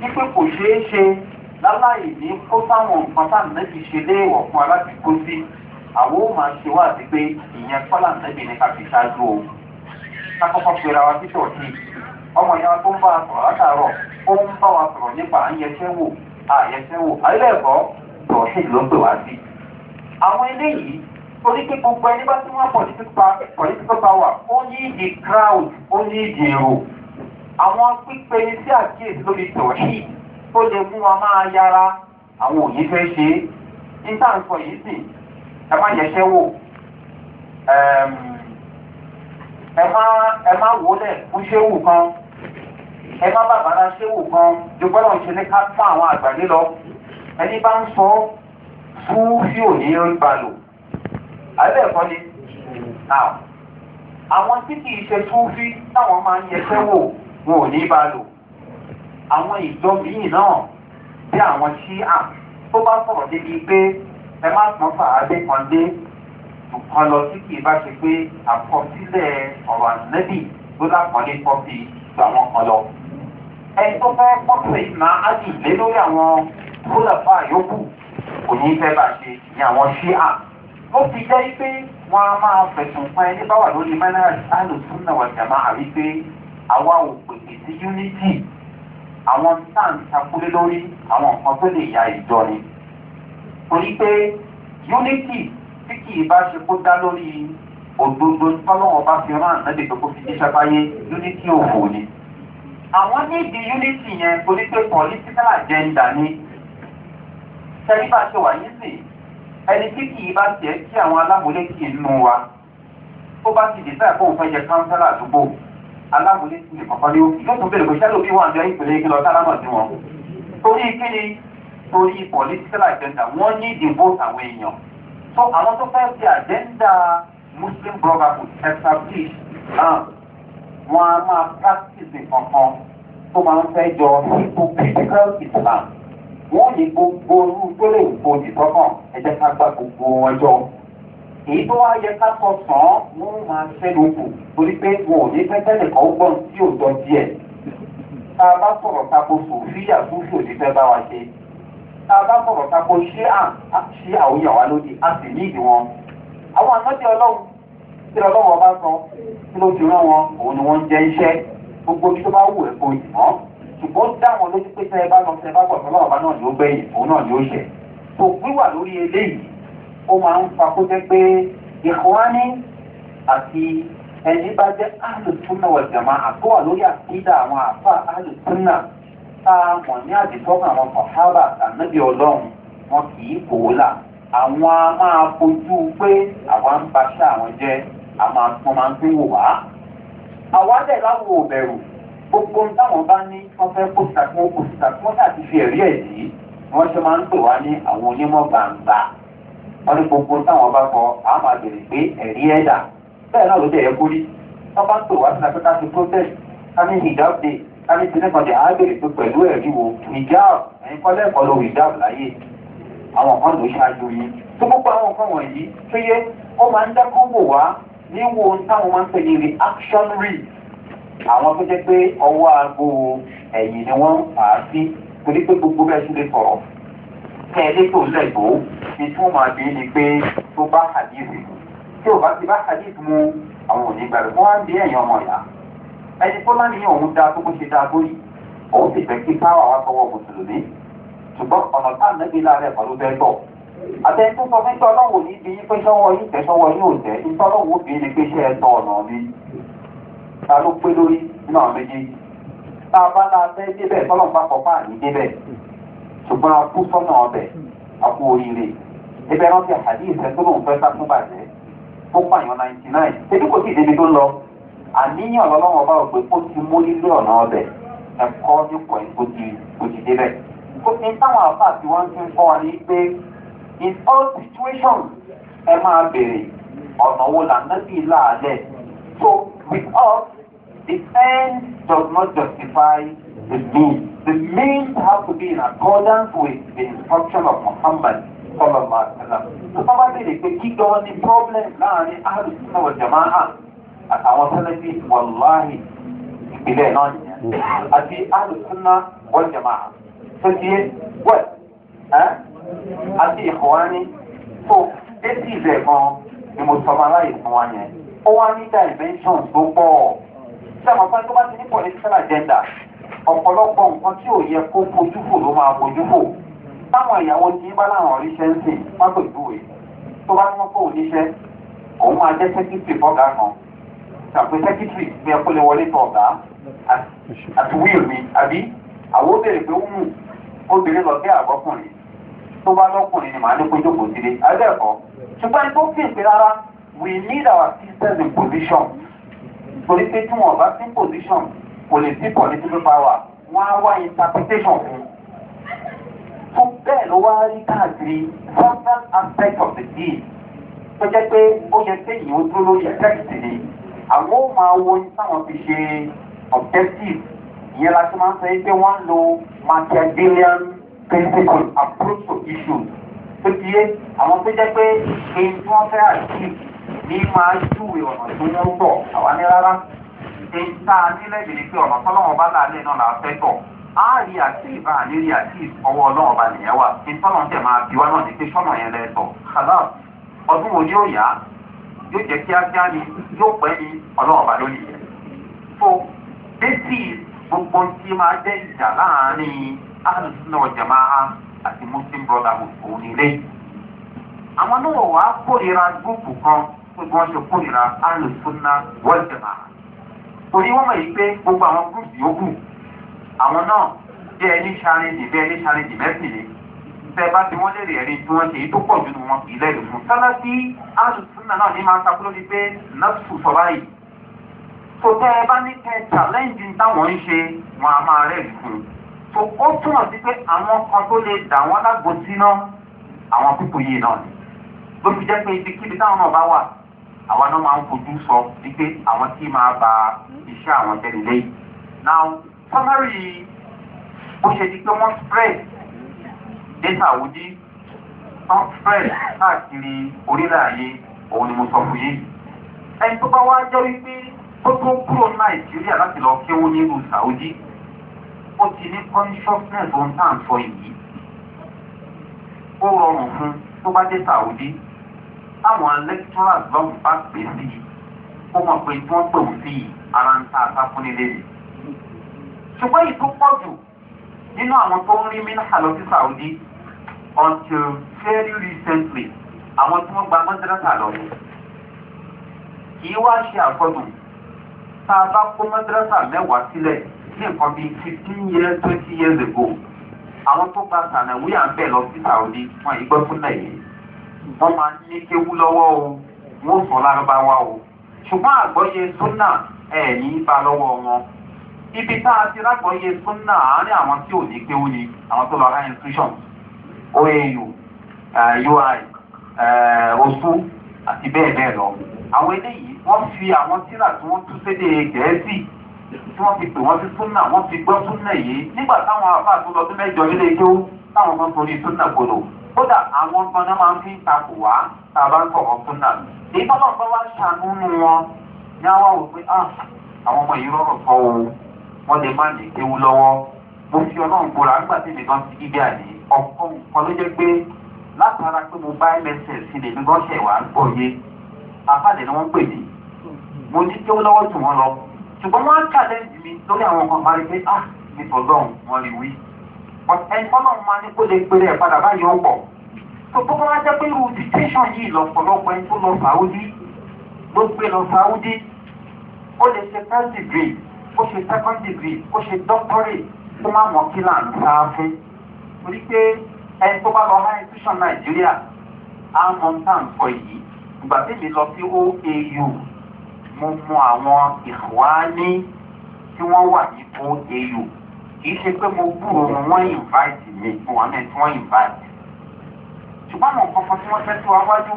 wípé kò ṣeé ṣe láláì ní kó sáwọn nǹkan tá à ń nẹ́bi ṣe léèwọ̀ fún aláàbí kó sí àwọn ò máa ṣe wá àti pé ìyẹn kọ́là nẹ́bi ní ká fi ṣáájú o ká pera wa títọ̀ sí i ọmọ yẹn tó ń bá a sọ̀rọ̀ látàárọ̀ ó ń bá wa sọ̀rọ̀ nípa àyẹ̀sẹ̀ wò àyẹ̀sẹ̀ wò àyẹ̀lẹ́ẹ̀kọ́ sọ̀rọ̀ sí ló ń pè wá sí. àwọn eléyìí torí pé gbogbo ẹni bá tí wọ́n political power ó ní ìdí crowd ó ní ìdí èrò àwọn pípe iṣẹ́ àkíyèsí lórí tọ̀hí tó lè mú wa máa yára àwọn òyìn fẹ́ ṣe é nígbà ń sọ yìí sì ẹ má yẹ̀ṣẹ́ wò ẹ má wò lẹ̀ fún ṣéwù kan ẹ má bàbá náà ṣéwù gan ju gbọ́dọ̀ ń ṣe ní ká fún àwọn àgbà nílọ ẹni bá ń sọ súúfì òní balò àbẹ̀kọ́ ni àwọn tí kì í ṣe súúfì táwọn máa ń yẹsẹ́ wò wọn ò ní balò àwọn ìjọ míì náà bí àwọn ṣíà tó bá sọ̀rọ̀ débi pé ẹ má pọ́n fàábé kan dé kan lọ tí kì í bá ṣe pé àkọsílẹ̀ ọ̀rọ̀ ànẹ́bì ló lápọ̀lé pọ́pì gbà wọ́n kan lọ ẹni tó fẹ́ pọ́sẹ̀ ìmọ̀ ájì lé lórí àwọn kólàfà yòókù kò ní fẹ́ bá ṣe ní àwọn ṣíà ó fi jẹ́ pé wọ́n á máa fẹ̀sùn fún ẹni bá wà lórí mẹ́nẹ́rẹ́sì alùsùn náà wà jàmá àrí pé àwa ò pèsè sí unity àwọn tá à ń takúlé lórí àwọn nǹkan tó lè ya ìjọ ni torí pé unity tí kì í bá ṣe kó dá lórí òdodo tọ́lọ́wọ́n bá fi rán ànábì tó kó fi jíṣẹ́ báyé unity òfò ni àwọn níbi unity yẹn torí pé political agenda ni sẹ́yìn bá ṣe wà yín sí ẹni tí kì í bá tiẹ̀ kí àwọn alámúlétì nù wa tó bá ti dìtà kó o fẹ́ jẹ kánsẹ́là àdúgbò alámúlétì kọ̀ọ̀kan ni ó fi yóò tún bèrè pé sẹ́lò bí wọ́n àjọ ìpínlẹ̀ kí lọ sálámà sí wọn torí kí ni torí political agenda wọ́n ní ìdìbò àwọn èèyàn so àwọn tó fẹ́ fi agenda muslim brotherhood establish. Uh, wọn a máa practice kankan tó máa ń fẹ́ jọ hypocritical islam wọ́n ní gbogbo orú tó lè fò nìtọ́kàn ẹ̀jẹ̀ ká gba gbogbo wọn jọ èyí tó wá yẹ ká sọ sàn án wọ́n máa ṣẹ́nu kù torí pé wọn ò ní pẹ́tẹ́lẹ̀ kan gbọ́n tí ò jọ díẹ̀ tá a bá sọ̀rọ̀ tako sòfíà sófì ò ní fẹ́ bá wa ṣe tá a bá sọ̀rọ̀ tako ṣé à ṣé àwòyàn wa lódì a sì ní ìdí wọn àwọn àtọ́jú ọlọ́run kí lọ́wọ́ bá sọ kí ló ti rán wọn òun ni wọ́n ń iṣẹ́ gbogbo ibi tó bá wù ẹ̀ kó yìí mọ́ ṣùgbọ́n dá wọn lójú pé sẹ́ bá lọ sẹ́ bá gbọ̀dọ̀ lọ́wọ́ bá náà ni ó gbẹ̀yìn òun náà ni ó ṣẹ̀ tó wíwà lórí eléyìí ó máa ń fa kó jẹ́ pé ìkọ́wání àti ẹni bá jẹ́ àlùtúnà wẹ̀gàmá àkọ́wà lórí àkídà àwọn àfa àlùtúnà tá a mọ̀ ní àdìsọ́kàn àwọn kọ̀hábà àmọ́ wọn máa ń gbé wò wá. àwa dẹ̀ láwo òbẹ̀rù gbogbo ohun táwọn bá ní wọ́n fẹ́ kó síta kí wọ́n kó síta kí wọ́n láti fi ẹ̀rí ẹ̀ dì í wọ́n ṣe máa ń pè wá ní àwọn onímọ̀ gbangba wọ́n ní gbogbo táwọn bá kọ àwọn máa bèrè pé ẹ̀rí ẹ̀ dà bẹ́ẹ̀ náà ló dẹ̀ yẹ kó rí wọ́n bá ń pè wá síta pé ká protest ká ní hijab de ká ní tinúkọ̀dẹ̀ á bèrè pé pẹ̀lú ẹ̀rí wo hijab ẹ̀yin kọ́ lẹ́ẹ̀kọ́ ló hijab láyé àwọn kan ló ṣáájú yín tó gbogbo àwọn nǹkan wọ̀nyí tó ó máa ń dákọ́ wò wá níwò táwọn máa ń pè ní reaction read àwọn tó jẹ́ pé ọwọ́ aago ẹ̀yìn ni wọ́n fà á sí torí pé gbogbo bẹ́ẹ̀ ṣe lè sọ̀rọ̀ tẹ̀lé tó lẹ́gbọ́ ni tí wọ́n máa bí ni pé tó bá hadithi tí ò bá ti bá hadithi mu àwọn òní gbàgbé wọ́n á ń bí ẹ̀yìn ọmọ ìyá ẹni tó láni ní òun dáa tó kó ṣe dáa tó yìí òun sì fẹ́ kí káwá wa sọ́wọ́ mùsùlùmí ṣùgbọ́n ọ̀nà táà nẹ́bí àtẹ̀yìn tó sọ fún iṣẹ́ ọlọ́wọ́ yìí bí pé sọ́wọ́ yìí tẹ̀ sọ́wọ́ yìí ò tẹ̀ iṣẹ́ ọlọ́wọ́ bí ni pé ṣe ẹ̀tọ́ ọ̀nà mi ta ló pé lórí nínú àwọn méjì tá a bá ná a fẹ́ débẹ̀ tọ́lọ̀ ń bá kọ́ fáà ní débẹ̀ ṣùgbọ́n a kú sọ́nà ọbẹ̀ a kú oríire ẹbẹ̀ rántí àdí ìfẹ́ tó lóun fẹ́ sá fún bàjẹ́ ó pààyàn ninety nine ebi kò sí ìdíbi tó lọ àníyàn lọ́lọ́wọ́ bá rò pé ó ti mú nílé ọ̀nà ọbẹ̀ ẹ̀kọ́ nípò ẹ̀ kó ti débẹ̀ kó ti táwọn àfáà tí ti ń kọ́ wa ní pé in all situations ẹ máa bèrè ọ̀nà wo lànà bíi láàlẹ̀ so with us the end does not justify the means the means have to be in accordance with the instruction of muhammad sọlọ́mà àtàlà tó bá bá bèrè pé kí gan ni problem láàrin àlùsílẹ̀ ọ̀jọ̀mọ́ hàn àtàwọn sẹ́lẹ̀bí wàláhì ìpìlẹ̀ náà nìyẹn àti àlùsílẹ̀ ọ̀jọ̀mọ́ hàn tó ti yé wẹ́ẹ̀ àti ìkọ̀wání tó dédì ìbẹ̀ gan ni mo sọ máa láyè fún wa yẹn ó wá ní dimensions tó pọ̀ tí a máa pẹ́ tó bá ti ní political agenda ọ̀pọ̀lọpọ̀ nǹkan tí ò yẹ kó fojú fò ló máa fojú fò táwọn ìyàwó tí bá láwọn oríṣẹ́ ń sìn wọ́n pè júwe tó bá ní wọ́n kó oníṣẹ́ òun máa jẹ́ sẹ́kítírì fọ́gà kan tàbí sẹ́kítírì ní ẹkọ́ lè wọlé tọ̀ ọ̀gá àti wíìlì àbí àwọn obìnrin pé ó mú obìnrin lọ bẹ́ẹ̀ àgọ́kùnrin tó bá lọ́kùnrin ni màá ní kó jókòó sílé àbẹ́ẹ̀kọ́ ṣùgbọ́n ní tó fèsì rárá we need our sisters in position torí pé tí wọn bá sí position kò lè sí political power wọn á wá interpretation fún un tó bẹ́ẹ̀ ló wá rí káàkiri southern aspect of the deal tó jẹ́ pé ó yẹ kéyìn ó dúró lórí effect ni àwọn ò máa wo ní táwọn fi ṣe objective ìyẹn la ti máa ń sọ pé wọ́n ń lo machiavellian they could approach to issues tó ti yé àwọn tó jẹ́ pé èyí tí wọ́n fẹ́ àti ní máa júwe ọ̀nà tó wọ́n tọ̀ àwa ní rárá èyí tá a nílẹ̀ èdè ni pé ọ̀nà tọ́lọ́wọ́n bá láàlẹ́ náà là á fẹ́ tọ̀ á rí àti ìbá àlérí àti ọwọ́ ọlọ́wọ́n bá nìyẹn wà ní tọ́lọ́ tẹ̀ máa bí wá náà ní pé sọ́nà yẹn lẹ tọ̀ kàdá ọdún wo yóò yá yóò jẹ́ kíákíá ni yóò pẹ́ ni ọlọ́wọ́n bá lórí yẹn. so this is gbogbo tí máa jẹ́ ìjà láàárín ahlùsùnà ọ̀jàmá àti muslim brotherhood òun nílé. àwọn náà wà á kórìíra gúúpù kan pé bí wọ́n ṣe kórìíra ahlùsùnà wọ́ọ̀jàmá. torí wọ́n mọ̀ yìí pé gbogbo àwọn gúúpù yòókù àwọn náà bí ẹni ṣàrìndì bí ẹni ṣàrìndì mẹ́sìlẹ̀ tẹ bá ti wọ́n léèrè ẹ̀rí tí wọ́n ṣe tó pọ̀ jù nù wọn ìlẹ̀ ìfún. sábà tí alùsùnà náà ní máa ń takú lórí pé nọ́ọ̀sù sọ báyìí. tó tẹ ẹ bá ní kẹ challenge táwọn ń ṣe wọn a máa rẹ̀ fún un ó túmọ̀ sí pé àwọn kan tó lè dà wọ́n lágbo síná àwọn pípò yìí náà ni ló jẹ́ pé ibikíbi táwọn náà bá wà àwa náà máa ń fojú sọ wípé àwọn tí máa ba iṣẹ́ àwọn jẹ́ nílé now summary ó ṣe di pé wọ́n spread data àwùjí wọ́n spread káàkiri orílẹ̀ ayé òun ni mo sọ fún yìí. ẹni tó bá wá jẹ́ wípé tó tó kúrò ní nàìjíríà láti lọ kéwọ́ nílùú sàwùjí ó ti ní consciousness on time sọ yìí ó rọrùn fún tó bá dé sàwùdí táwọn lecturers lọ́hùn bá pè sí i ó mọ̀ pé tí wọ́n pè wọ́n sí i ara ń ta àtàkùnlélé ni. ṣùgbọ́n ìtú pọ̀ jù nínú àwọn tó ń rí mínà lọ sí sàwùdí until very recently àwọn tí wọ́n gba mọ́tẹ́rẹ́tà lọ kì í wá ṣe àkọdùn tá a bá kó mọ́tẹ́rẹ́tà mẹ́wàá sílẹ̀ sí nǹkan bíi fifteen years twenty years ago àwọn tó gba sànàwí à ń bẹ̀ lọ sí saudi fún ìgbọ́ fúnlẹ̀ yìí wọ́n máa ń ní kéwú lọ́wọ́ o wọ́n sọ lárúbáwá o ṣùgbọ́n àgbọ́yé súnà ẹ̀ ní í bá lọ́wọ́ wọn ibi tá a ti rágbọ́yé súnà àárín àwọn tí ò ní kéwú ni àwọn tó lọ ra institution oau eh, ui eh, osu àti bẹ́ẹ̀ bẹ́ẹ̀ lọ àwọn eléyìí wọ́n fi àwọn tíra tí wọ́n tú sédè gẹ̀ẹ́sì tí wọ́n fi pè wọ́n sí súnà wọ́n ti gbọ́ súnà yìí nígbà táwọn afáà tó lọ sí mẹ́jọ nílé ijó táwọn kan torí súnà gbòdò kódà àwọn gan-an máa ń fi takò wá tá a bá ń sọ̀rọ̀ súnà èyí tọ́lọ̀ bá wá ṣàánú nu wọn ní àwa wò pé ah, àwọn ọmọ yìí rọrọ̀ sọ o wọ́n lè má lè kéwu lọ́wọ́ mo fi ọlọ́run gbòòrò àgbà tí nìkan ti kíbi àlè ọ̀kan kan ló jẹ́ pé látara pé mo bá mss sílẹ̀ nígbà ọ̀sẹ̀ wà á gbọ́ yé afáàlẹ̀ ni wọ́n pè mí mo ní kéwu lọ́wọ́ jù wọ́n lọ ṣùgbọ́n wọ́n á challenge mi lórí àwọn nǹkan parí pé ah mi tọ̀ lọ́hùn wọn lè wí ẹni kọ́ náà máa ní kó lè pèrè ẹ̀ padà báyìí ó pọ̀ tó tó bá jẹ́ pé irú dictation yìí lọ́pọ̀lọpọ̀ ẹni tó lọ sàúdí ló gbé lọ sàúdí ó lè ṣe first degree ó ṣe second degree ó ṣe doctorate tó má mọ̀ kí là ń sáfẹ́ torí pé ẹni tó bá lọ high institution nàìjíríà á mọ̀ ń tà ń sọ yìí ìgbà tí mi lọ sí oau mo mọ àwọn ìwáálé tí wọ́n wà nípò èyò kì í ṣe pé mo gbúrò wọn wọ́n invite mi fún wọn náà tí wọ́n invite. ṣùgbọ́n àwọn kankan tí wọ́n fẹ́ tí wọ́n wájú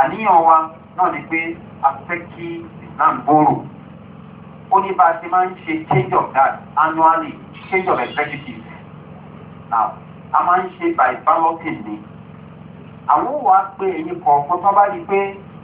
àníyàn wa náà ni pé a fẹ́ kí islam gbòòrò ó ní bá a ti máa ń ṣe change of guard annually change of executive now a máa ń ṣe by balloting ni àwọn ò wá pé ẹ̀yin kọ̀ọ̀kan tó bá di pé.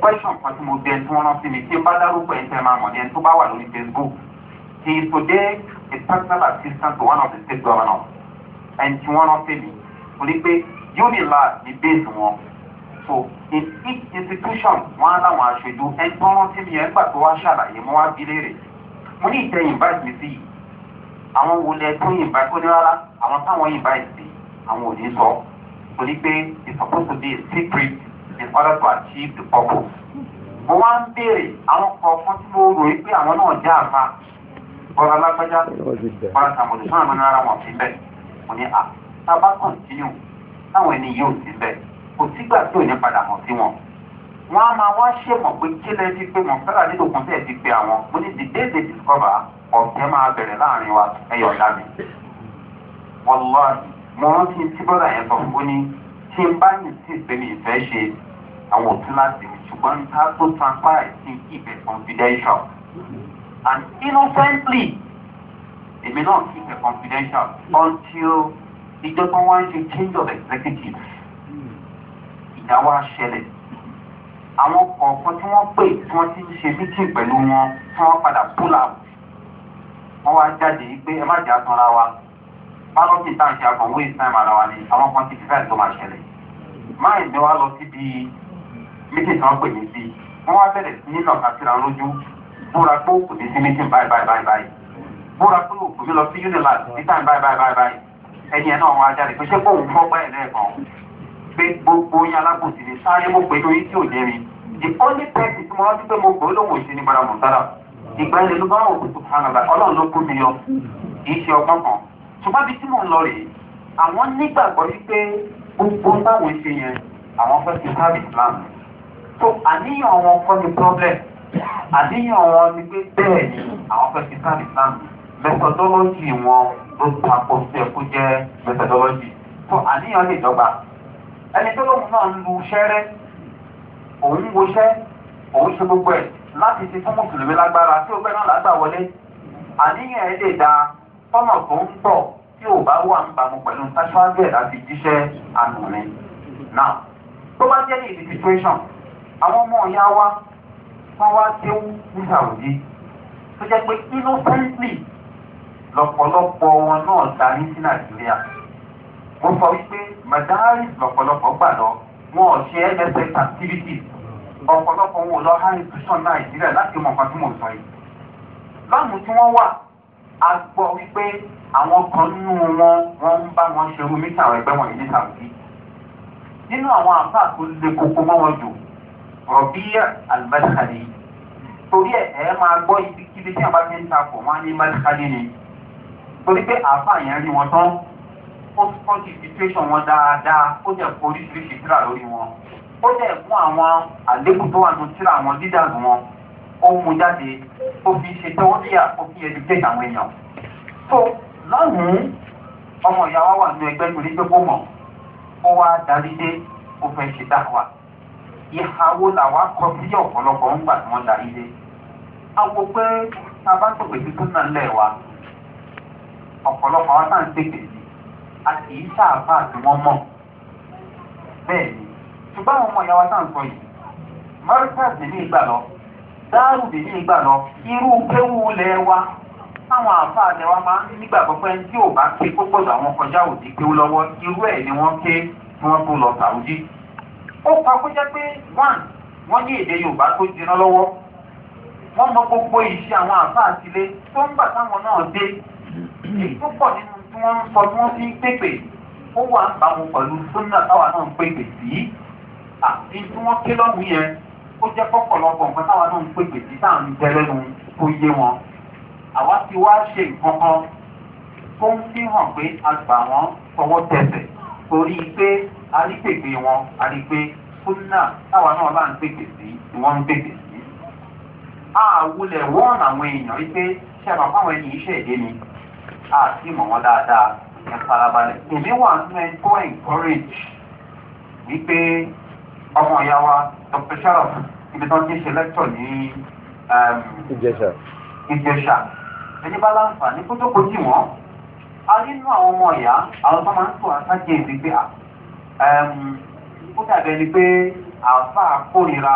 question kan tí mo bẹ tí wọ́n rán sí mi tí n bá dárúkọ ẹ̀ ń tẹ́ máa mọ̀ ní ẹni tó bá wà lórí facebook he is today a personal assistant to one of the state governors And tí wọ́n rán sí mi mo ní pé unila ni base wọn so in each institution wọn á láwọn aṣojú ẹni tó rán sí mi ẹ̀ ń gbà tó wá ṣàlàyé mo wá bí léèrè mo ní ìtẹ̀yìn báyìí mi sí yìí àwọn wo lẹ tó yìnbá tó ní rárá àwọn táwọn yìnbá ìsìn àwọn ò ní sọ torí pé it's supposed to be a secret in order to achieve the purpose. mo wá ń béèrè àwọn kan fún tí mo rò wípé àwọn náà já àfa bọ́lá lágbájá bọ́lá sàmùlù fún àwọn ará wọn fi bẹ́ẹ̀ mo ní à tábà kọ̀ǹtínú táwọn ẹni yóò sí bẹ́ẹ̀ kò sígbà tí ò ní padà mọ̀ sí wọn wọn a máa wá ṣèmọ̀ pé kílẹ̀ ti pé mọ̀sára nílò kan tẹ̀ ti pé àwọn mo ní the day they discover ọ̀tẹ̀ máa bẹ̀rẹ̀ láàrin wa ẹ̀yọ̀ ọ̀dà mi. wọ́n lọ́ọ̀dì mo rántí tí bọ́lá yẹn sọ fún mi ní tí n bá yìí sí àwọn kíláàsì ṣùgbọ́n nǹkan tó transpire sí it confidential and innocently may not keep it confidential until ìjọ tó wá ń ṣe change of executive ìdáwọ́ àṣẹlẹ̀ àwọn kọ̀ọ̀kan tí wọ́n pè tí wọ́n ti ń ṣe meeting pẹ̀lú wọn tí wọ́n padà pull out wọ́n wá jáde pé ẹ má jà tanra wa bálọ́tì tá à ń ṣe àkànwé ìsinmi ara wa ni àwọn kan ti fi fẹ́ẹ̀ tó máa ṣẹlẹ̀ máa ń bẹ wá lọ síbi meeting kan pè mí sí wọ́n wá bẹ̀rẹ̀ sí ní lọ́ọ̀ta síra lójú búra pé òkú ní sí meeting báyìí báyìí báyìí báyìí búra pé òkú mi lọ sí unilag ní time báyìí báyìí báyìí ẹni ẹ̀ náà wọ́n á jáde pé ṣé kóun fọ́ báyìí lẹ́ẹ̀kan pé gbogbo yín alábòsí ni sáré mo pè lórí tí ò jẹ́ mi the only person tí mo rántí pé mo gbọ́ lóhùn ìṣe ni bàrà mùsàlà ìgbà ilẹ̀ ló bá wọ̀ kó tó hàn àgbà ọlọ́run ló kó mi yọ kì í ṣe ọgbọ́n kan ṣùgbọ́n bí tí mò ń lọ rèé àwọn nígbàgbọ́ wípé gbogbo táwọn ṣe yẹn àwọn fẹ́ fi sáàbì islam so àníyàn wọn kọ́ ni problem àníyàn wọn ni pé bẹ́ẹ̀ ni àwọn fẹ́ fi sáà ìsìlámù methodology wọn ló tako sí ẹ kó jẹ́ methodology so àníyàn lè dọ́gba ẹni tó lóun náà ń lu sẹ́rẹ́ òun woṣẹ́ òun ṣe gbogbo ẹ̀ láti ti fún mùsùlùmí lágbára tí ó gbẹ́ náà lágbà wọlé àníyàn ẹ̀ lè da tọ́nà tó ń bọ̀ tí ò bá wà ń bàmú pẹ̀lú táṣáájú ẹ̀ láti jíṣẹ́ àná mi náà tó bá jẹ́ ní ìdí situation àwọn ọmọ ọ̀yá wa wọ́n wá déwú ní sàwùjí tó jẹ́ pé innocently lọ̀pọ̀lọpọ̀ wọn náà darí sí nàìjíríà wọ́n sọ wípé madari lọ̀pọ̀lọpọ̀ gbà lọ wọn ò ṣe ms activities ọ̀pọ̀lọpọ̀ wọn ò lọ high institution nàìjíríà láti mọ̀ nǹkan tí mò ń sọ yìí lọ́nà tí wọ́n wà á gbọ́ wípé àwọn kan nínú wọn wọ́n ń bá wọn ṣerú mítà ẹgbẹ́ wọn ní sàwùjí nínú àwọn àbá tó le koko mọ́ wọn jù rọ̀bíyà alìmọ́lẹ́kàlẹ́ torí ẹ̀ ẹ̀ máa gbọ́ ibi kíbi tí àbá ti ń takò wọ́n á ní mọ́lẹ́kàlẹ́ ni torí pé àáfà yẹn rí wọn tán ó tọ́jú situation wọn dáadáa ó jẹ́ oríṣiríṣi tíra lórí wọn ó jẹ́ fún àwọn àlékún tó wà ní tíra wọn dídàlù wọn ó mú jáde ó fi ṣe tẹ́wọ́ níyà ó fi educate àwọn èèyàn so lọ́hùn-ún ọmọ ìyá wa wà nínú ẹgbẹ́ torí pé kó mọ̀ ó wá darí dé ó fẹ́ ṣe dáhùn wa ìhàwó làwa kọ sí ọ̀pọ̀lọpọ̀ ńgbà tí wọ́n darí dé. a wo pé tá a bá tó pèsè tó nà lẹ̀ wa ọ̀pọ̀lọpọ̀ àwọn táà ń tètè sí a kì í sáàbà tí wọ́n mọ̀. bẹ́ẹ̀ ni ṣùgbọ́n àwọn ọmọ ìyá wa táà ń sọ yìí maritas ní ní ìgbà lọ dáàrú ní ní ìgbà lọ irú kéwú lẹ̀ wa táwọn àáfàá lẹ̀ wa máa ń nígbà pẹ́pẹ́ tí ò bá ké kó gbọ́dọ̀ àwọn kọjá òdì kéwú lọ́wọ́ irú ẹ̀ ni wọ́n ké tí wọ́n tó lọ sàrúdí ó kọ kó jẹ́ pé one wọ́n ní èdè yorùbá tó jiná lọ́wọ́ wọ́n mọ gbogbo ìṣe àwọn àfa àtìlé tó ń gbà táwọn náà dé èyí tó pọ̀ nínú tí wọ́n ń sọ tí wọ́n fi ń pèpè ó wà ń bámu pẹ̀lú sónà táwa náà ń pèpè sí àti tí wọ́n ké lọ́hùn yẹn ó jẹ́ pọ̀pọ̀lọpọ̀ nǹkan táwa náà ń pèpè sí táà ń jẹ lẹ́nu tó yé wọn àwa ti wá ṣe nǹkan kan tó ń fi hàn pé a gbà wọ́n fọwọ́ tẹsẹ̀ torí pé a rí pèpè wọn a rí pé fúnà táwa náà bá ń pèpè sí ni wọ́n ń pèpè sí. àwùlẹ̀ wọ́n àwọn èèyàn wípé ṣé àbàkọ́ àwọn ẹni iṣẹ́ èdè ni àti mọ̀ wọ́n dáadáa ẹ̀ farabalẹ̀. èmi wà nínú ẹ tó encourage wípé ọmọ ìyá wa dr sharaf ibi tí wọ́n ti ṣe lẹ́tọ̀ ní um, ìjẹsà ẹni bá láǹfààní kó tó kojú wọn. a rí nínú àwọn ọmọ ìyá àwọn tó máa ń tó àṣà jẹ́ ìdí pé ó ni pé àfa kórira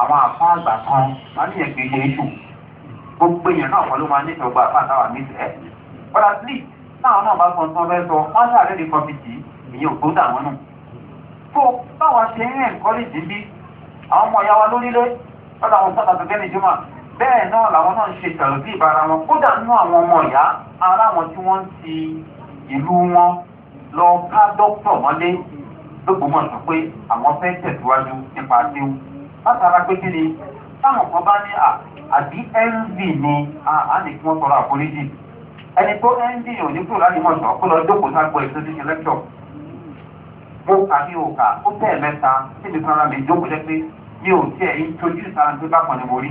àwọn àfa àgbà kan máa ń yẹn gbèjẹ iṣu gbogbo èèyàn náà pẹ̀lú máa ń nífẹ̀ẹ́ gba àfa àtàwà padà sí táwọn náà bá sọ sọ ní ìyẹn dàwọn nù. tó báwa ṣe wa lórílẹ̀ lọ́dọ̀ àwọn sábà tó bẹ́ẹ̀ náà làwọn náà ń ṣe tẹ̀lifí ìbára wọn kódà nínú àwọn ọmọ ìyá ara wọn tí wọ́n ń ti ìlú wọn lọ ká dókítọ̀ mọ́lé lóògbómọ̀ sọ pé àwọn fẹ́ tẹ̀síwájú nípa déwu látara pé kí ni táwọn kan bá ní àbí nv ni a lè kí wọ́n sọ̀rọ̀ àforíjì ẹni tó nv ò ní kúrò láti mọ̀ sọ kó lọ dókòó ságbọ́ ètò ti ṣe lẹ́kítọ̀ mo kà mí ò kà ó bẹ́ẹ̀ mẹ́ta síbi kan ra mi jókòó jẹ́ pé mi ò tiẹ̀ introduce ara tó bá pọ̀ ní mo rí.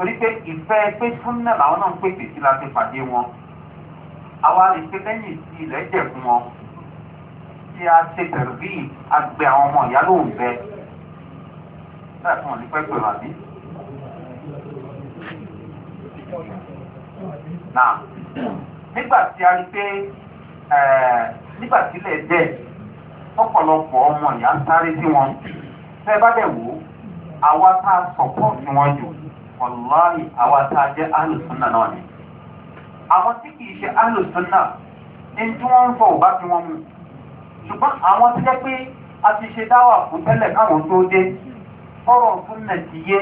torí pé ìfẹ́ pé súnmọ́ làwọn náà ń pèsè sí la ti pàdé wọn àwa lè ṣe lẹ́yìn sí ilẹ̀ jẹ̀ fún wọn tí a ṣe pẹ̀lú bí agbẹ àwọn ọmọ ìyá ló ń bẹ láì fún òní pẹ́ pẹ̀lú àbí. náà nígbà tí a rí pé nígbà tí ilẹ̀ dẹ̀ ọ̀pọ̀lọpọ̀ ọmọ ìyá ń sáré sí wọn tẹ́ bá dẹ̀ wò àwa tá a sọ̀pọ̀ sí wọn jù wàláhì àwa tá a jẹ́ alùsùnà náà ni. àwọn tí kìí ṣe alùsùnà ní tí wọ́n ń fọ ò bá fi wọn mu. ṣùgbọ́n àwọn tí jẹ́ pé a ti ṣe dáwà fún tẹ́lẹ̀ káwọn tó dé fọ́rọ̀ súnà ti yé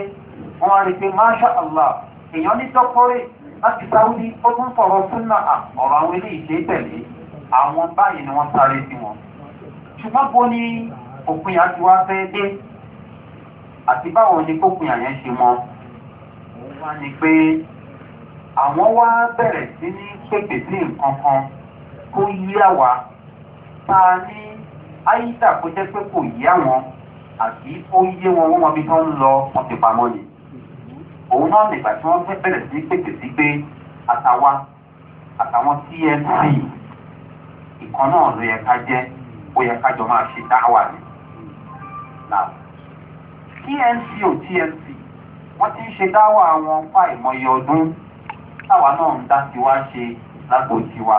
wọn á rí pé masha allah èèyàn ní dọ́kọ́rẹ́ láti sáwúdí ó tún fọ̀rọ̀ súnà ọ̀rọ̀ àwọn eléyìí ṣe é àwọn báyìí ni wọ́n sáré sí wọn. ṣùgbọ́n bo ni òpin àti wá fẹ́ dé àti báwo ni kópin àyẹn ṣe mọ́ wá ni pé àwọn wá bẹ̀rẹ̀ sí ní pèpè sí nǹkan kan kó yí àwa tá a ní àyíṣà kó jẹ́ pé kò yí àwọn àti ó yé wọn wọ́n bí wọ́n ń lọ wọ́n ti pamọ́ ni òun náà nígbà tí wọ́n bẹ̀rẹ̀ sí pèpè sí pé àtàwa àtàwọn tmc ìkan náà ló yẹ ká jẹ́ ó yẹ ká jọ máa ṣe dáwà ni. tmc ò tmc wọ́n ti ń ṣe dáwọ́ àwọn fá ìmọye ọdún táwa náà ń dá tiwa ṣe lágbo tiwa.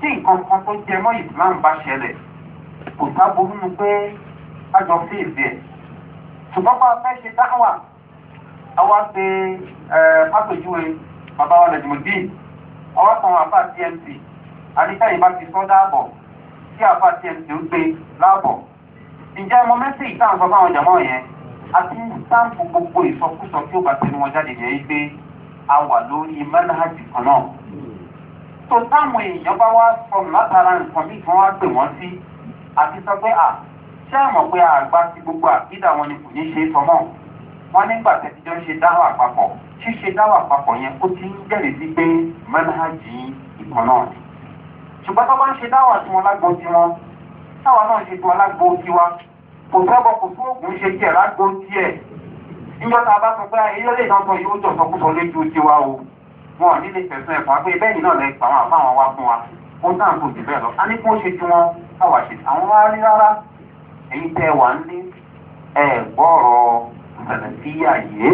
tí nǹkan kan tó jẹ mọ́ islam bá ṣẹlẹ̀ kò sábòrú nu pé a jọ fi ìbí ẹ̀. ṣùgbọ́n bá a fẹ́ ṣe dáwà àwa pe pápẹ́júwe bàbá wa lẹ́dùmọ̀dín àwa kan àfa tmc àníkà yìí bá ti sọ́ dáàbọ̀ tí àfa tmc ń gbé láàbọ̀. ǹjẹ́ mo mẹ́sì ìtàn sọ fáwọn jàmọ́ yẹn àti sáǹpù gbogbo ìsọkúsọ tí ó bá tẹnu wọn jáde jẹ́ pé a wà lórí mẹ́nàjì kan náà. tó táwọn èèyàn bá wá sọ látara nǹkan bí wọ́n wá pè wọ́n sí àti sọ pé à ṣé àmọ̀ pé àgbà ti gbogbo àkídà wọn ni kò ní ṣe é sọ mọ́ wọn nígbà tẹ̀síjọ́ ń ṣe dáhùn àpapọ̀ ṣíṣe dáhùn àpapọ̀ yẹn ó ti ń jẹ́rìí sí pé mẹ́nàjì ìkan náà ni. ṣùgbọ́n tó bá ń ṣe dáhùn àti wọn lágbo tiwọn táwọn náà ṣe tiwọn kò gbọ́bọ̀ kò fún ògùn ṣe tiẹ̀ lágbo tiẹ̀ níjọ́ tá a bá sọ pé ilé lè tán sọ yóò jọ sọkúsọ lójú tiwa o wọn ò ní lè fẹ̀sùn ẹ̀fọ́ pé bẹ́ẹ̀ ni náà lè pa àwọn àfáwọn wá fún wa ó náà kò jù bẹ́ẹ̀ lọ a ní kí wọ́n ṣe ju wọn káwà ṣe àwọn wá rí rárá ẹ̀yin tẹ́ wà ń lé ẹ̀ gbọ́rọ̀ sẹ̀lẹ̀síyà yìí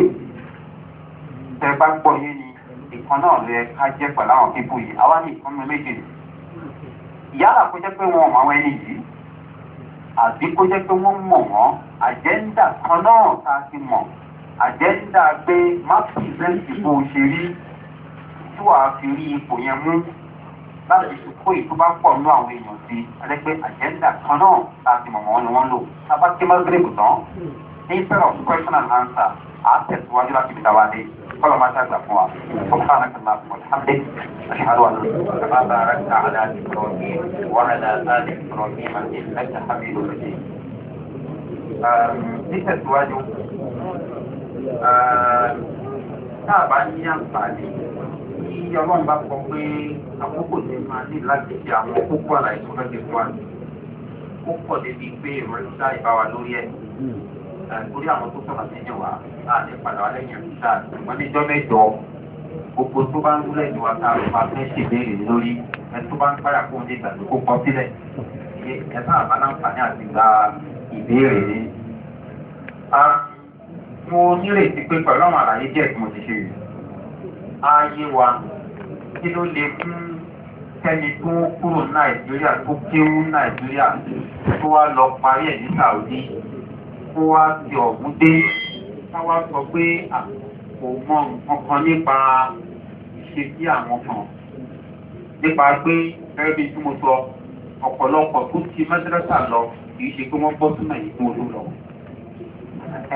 tẹ́ bá gbọ́ yé ni ìkan náà lè ká jẹ́ pẹ̀lú àwọn pípò yìí àwa ní ìkan mi méjì yálà kó jẹ́ pé wọn ò mọ àwọn ẹni àbí kó jẹ́ pé wọ́n mọ̀ wọ́n àjẹ́ńdà kan náà tá a ti mọ̀ àjẹ́ńdà pé má pìrìsẹ́ǹtì bó ṣe rí tí wàá fi rí ipò yẹn mú láti kó ìtú bá pọ̀ nú àwọn èèyàn sí alẹ́gbẹ́ àjẹ́ńdà kan náà tá a ti mọ̀ wọ́n ni wọ́n lò tá a má gírèkù tán instead of question and answer à ń tẹ̀síwájú láti fi tàwa dé kọ́lọ̀ máa ṣàgbà fún wa sọ̀kọ́ àrẹ́kànlá mọ̀lẹ́hàmdé aṣíhàdó àlọ́ kàmáta àrẹ́kà àdáàdì ìrọ̀lẹ́ wàhálà àdáàdì ìrọ̀lẹ́ àti ìlẹ́kà hábìlì òṣèlú. nítẹ̀síwájú náà bá ní àǹfààní tí ọlọ́run bá kọ pé àkókò tí máa ní láti ṣe àwọn kókó àlàyé tó fẹ́ ṣe fún wa ó pọ̀ débi pé ìrọ̀lẹ́ torí àwọn tó sọ̀rọ̀ sẹ́yìn wa a lè padà wá lẹ́yìn ìgbà wọ́n ní ìjọ́ mẹ́jọ gbogbo tó bá ń lẹ́yìn wa tá a lè máa fẹ́ ṣèbéèrè lórí ẹ tó bá ń padà kó ní ìgbà tó kó pọ́ sílẹ̀ ẹ bá àbá láǹfààní àti gba ìbéèrè yìí. mo nírètí pé pẹ̀lú àwọn àlàyé díẹ̀ tí mo ti ṣe yìí ayé wa kí ló lè fún kẹ́ni tó kúrò nàìjíríà tó kéwú nàìjíríà tó wá lọ parí ẹ̀ ní sàwùdí kó wá ti ọ̀gùn dé wọ́n wá sọ pé kò mọ nǹkan kan nípa ìṣesí àwọn kan nípa pé gẹ́gẹ́ bí tí mo sọ ọ̀pọ̀lọpọ̀ tó ti mẹ́tẹ́rẹ́sà lọ kì í ṣe pé wọ́n bọ́ súnmọ̀ yìí fún olú lọ.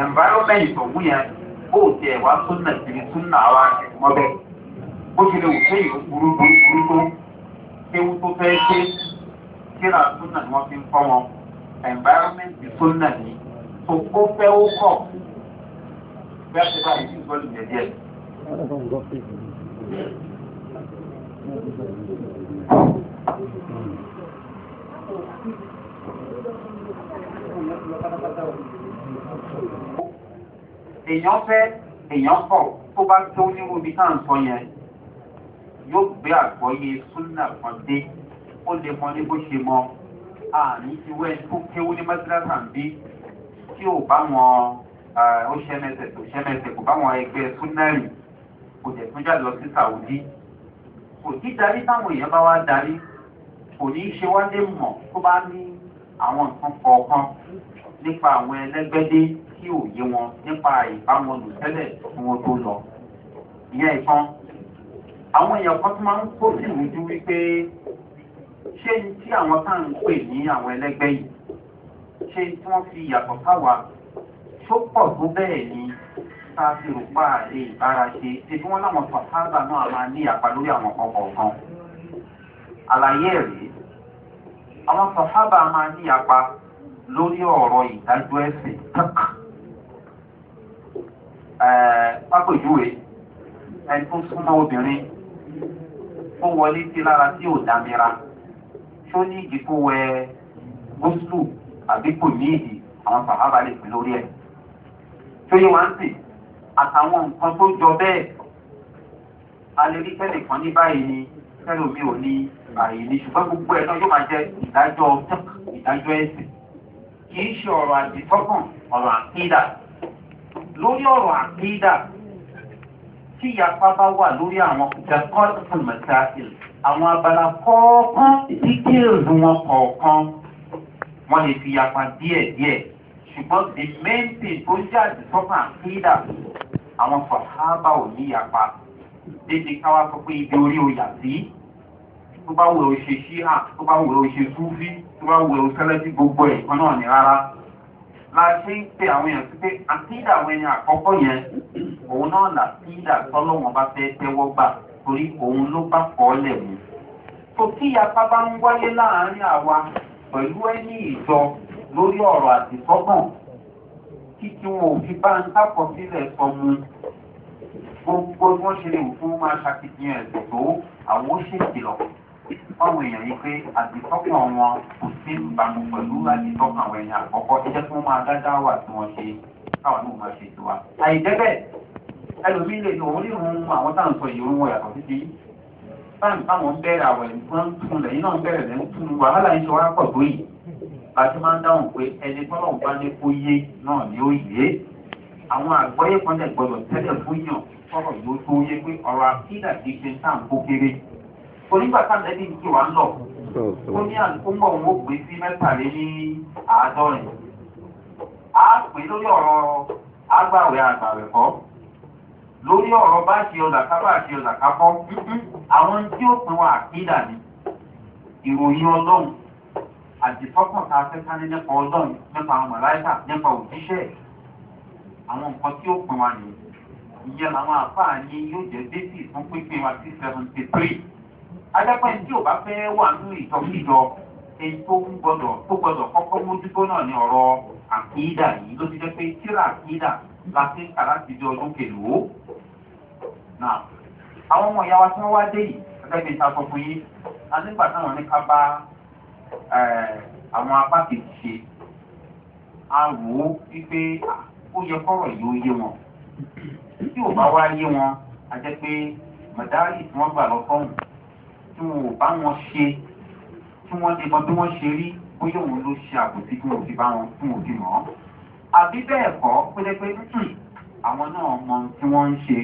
environment ọ̀hún yẹn ó tẹ̀ wá súnmọ̀ síbi súnmọ̀ àwa mọ́ bẹ́ẹ̀ bó ṣe lè wò pé ìlú burú burú tó ewu tó fẹ́ ṣe kíra súnmọ̀ ni wọ́n fi ń kọ́ wọn environment súnmọ̀ yìí tó ó fẹ́ ó kọ̀ bí a ti bá yìí gbọ́ lù jẹ́jẹ́. èèyàn fẹ́ èèyàn kọ̀ tó bá tó nírú ibi tá à ń sọ yẹn yóò gbé àgbọ́yé súnà kan dé ó lè mọ ní bó ṣe mọ àní ti wẹ́ẹ́ tó kéwú ní mọ́tíráṣà ń bí tí ò bá wọn ó ṣẹ́mẹsẹ̀ tó ṣẹ́mẹsẹ̀ kò bá wọn ẹgbẹ́ súnẹ́rì kò jẹ̀ tún jáde lọ sí sàwùdí kò tí darí táwọn èèyàn bá wá darí kò ní í ṣe wálé mọ̀ tó bá ní àwọn nǹkan kọ̀ọ̀kan nípa àwọn ẹlẹ́gbẹ́dé tí ò yé wọn nípa ìbámu olùtẹ́lẹ̀ tí wọ́n tó lọ. ìyẹn ìkan àwọn èèyàn kan tó máa ń kó sí ìrújú wípé ṣé tí àwọn tá à ń pè ní àwọn ẹlẹ́gbẹ́ yìí ṣé tí wọ́n fi yàtọ̀ káwa tó pọ̀ tó bẹ́ẹ̀ ni tá a fi rò pa àlè ìbára ṣe ṣe bí wọ́n láwọn sọ̀tàgbà náà máa ní àpá lórí àwọn kan kọ̀ọ̀kan. àlàyé rèé àwọn sọ̀tàgbà máa ní àpá lórí ọ̀rọ̀ ìdájọ́ ẹ̀sìn tọ́kà. pápẹ̀júwe ẹni tó súnmọ́ obìnrin tó wọlé sí lára tí ò dámira tó ní ìdíkú wẹ gúúsù àbí kò ní ìdí àwọn sàbábà lè pè lórí ẹ̀. tó yẹ wọn sì àtàwọn nǹkan tó jọ bẹ́ẹ̀ a lè rí tẹ́lẹ̀ kan ní báyìí ni tẹ́lẹ̀ mi ò ní àyè ní ṣùgbọ́n gbogbo ẹ̀ náà yóò máa jẹ́ ìdájọ́ ìdájọ́ ẹ̀sìn kì í ṣe ọ̀rọ̀ àdìsọ́kàn ọ̀rọ̀ àkídà lórí ọ̀rọ̀ àkídà tí ìyapa bá wà lórí àwọn ìjàkọ́ ìfúnmọ̀ta àwọn abala kọ̀ọ̀kan dídí èrò wọn kọ̀ọ̀kan wọ́n lè fi yapa díẹ̀ díẹ̀ ṣùgbọ́n the main thing tó jẹ́ àdìsọ́kàn àkídà àwọn sọ̀hábà ò ní yapa débi káwá sọ pé ibi orí o yà sí tó bá wẹ̀ o ṣe ṣíhà tó bá wẹ̀ o ṣe súfí tó bá wẹ̀ o sẹ́lẹ́sì gbogbo ẹ̀ kan náà ní rárá la ṣe ń pe àwọn èèyàn sí pé àkídà àwọn ẹni àkọ́kọ́ yẹn òun náà là kídà tọ́lọ́wọ́n bá fẹ́ tẹ́wọ́ gbà torí òun ló bá kọ́ ọ́ lẹ̀ mú. tòkíyapa bá ń wáyé láàárín àwa pẹ̀lú ẹni ìjọ lórí ọ̀rọ̀ àdìsọ́gbọ̀n kí tí wọn ò fi bá ń dákọsílẹ̀ sọmu gbogbo bí wọ́n ṣe lè fún máa ṣàkíyàn ẹ̀sìn tó àwọn ó ṣèkìlọ̀ fáwọn èèyàn yìí pé àdìsọ́gbọ̀n wọn kò sí ìbámu pẹ̀lú àdìsọ́gbọ̀n àwọn èèyàn àkọ́kọ́ ẹ jẹ́ kí wọ́n máa dájá wà tí wọ́n ṣe káwọn náà máa ṣe tiwa. àìjẹ́ bẹ́ẹ̀ ẹlòmíín lè ní òun ní ìrún báyìí báwọn ń bẹ̀rẹ̀ àwẹ̀ wọ́n ń tún lẹ̀ iná ń bẹ̀rẹ̀ lẹ́ ń tún wàhálà yìí ṣe wá pọ̀ tó yìí láti máa ń dáhùn pé ẹni tọ́lọ̀ bá ní kó yé náà ni ó yé àwọn àgbọ́yé kan lẹ̀ gbọ́dọ̀ tẹ́lẹ̀ fún yàn kọ́rọ̀ ló tó yé pé ọ̀rọ̀ àkídà kì í ṣe tá à ń kó kéré onígbà táwọn ẹbí ti wà ń lọ ó ní àkóńgbọ̀ òun ó gbé sí mẹ́tàlé ní àádọ́rin á pè lórí ọ̀rọ̀ agbáwẹ̀ àgbàwẹ̀ kọ́ lórí ọ̀rọ̀ bá ṣe ọ̀dà kábà ṣe ọ̀dà kábọ́ àwọn tí ó pin wọn àkídà ni ìròyìn ọlọ́run àdìsọ́kàn tá a fẹ́ ká ní nípa ọlọ́run nípa àwọn mọ̀láìkà nípa òjíṣẹ́ àwọn nǹkan tí ó pin wa nìyí ìyẹn làwọn àfáà ní yóò jẹ́ bébì fún pínpín wa sí seventy three adápẹ́ tí ò bá fẹ́ wà nínú ìtọ́kíjọ èyí tó ń gbọdọ̀ tó gbọdọ̀ kọ́kọ́ mójútó náà ní ọ̀rọ̀ àkídà yìí ló ti jẹ́ pé tíra àkídà la ti ń kà láti di ọdún kèlòó àwọn ọmọ ìyá wa tí wọ́n wá dé yìí gẹ́gẹ́ bí ta sọ fún yín a nígbà táwọn ní ká bá àwọn apá kejì ṣe a wò ó wípé ó yẹ kọ́rọ̀ yìí ó yé wọn tí ò bá wá yé wọn a jẹ́ pé mọ̀dárì tí wọ́n gbà lọ sọ́hùn tí wọn ò bá wọn ṣe tí wọ́n lè mọ bí wọ́n ṣe rí bóyá òun ló ṣe àbòsí tí wọn ò fi bá wọn fún òbí mọ́ àbí bẹ́ẹ̀ kọ́ pé lẹ́pẹ́ hmm, àwọn náà mọ ohun tí wọ́n ń ṣe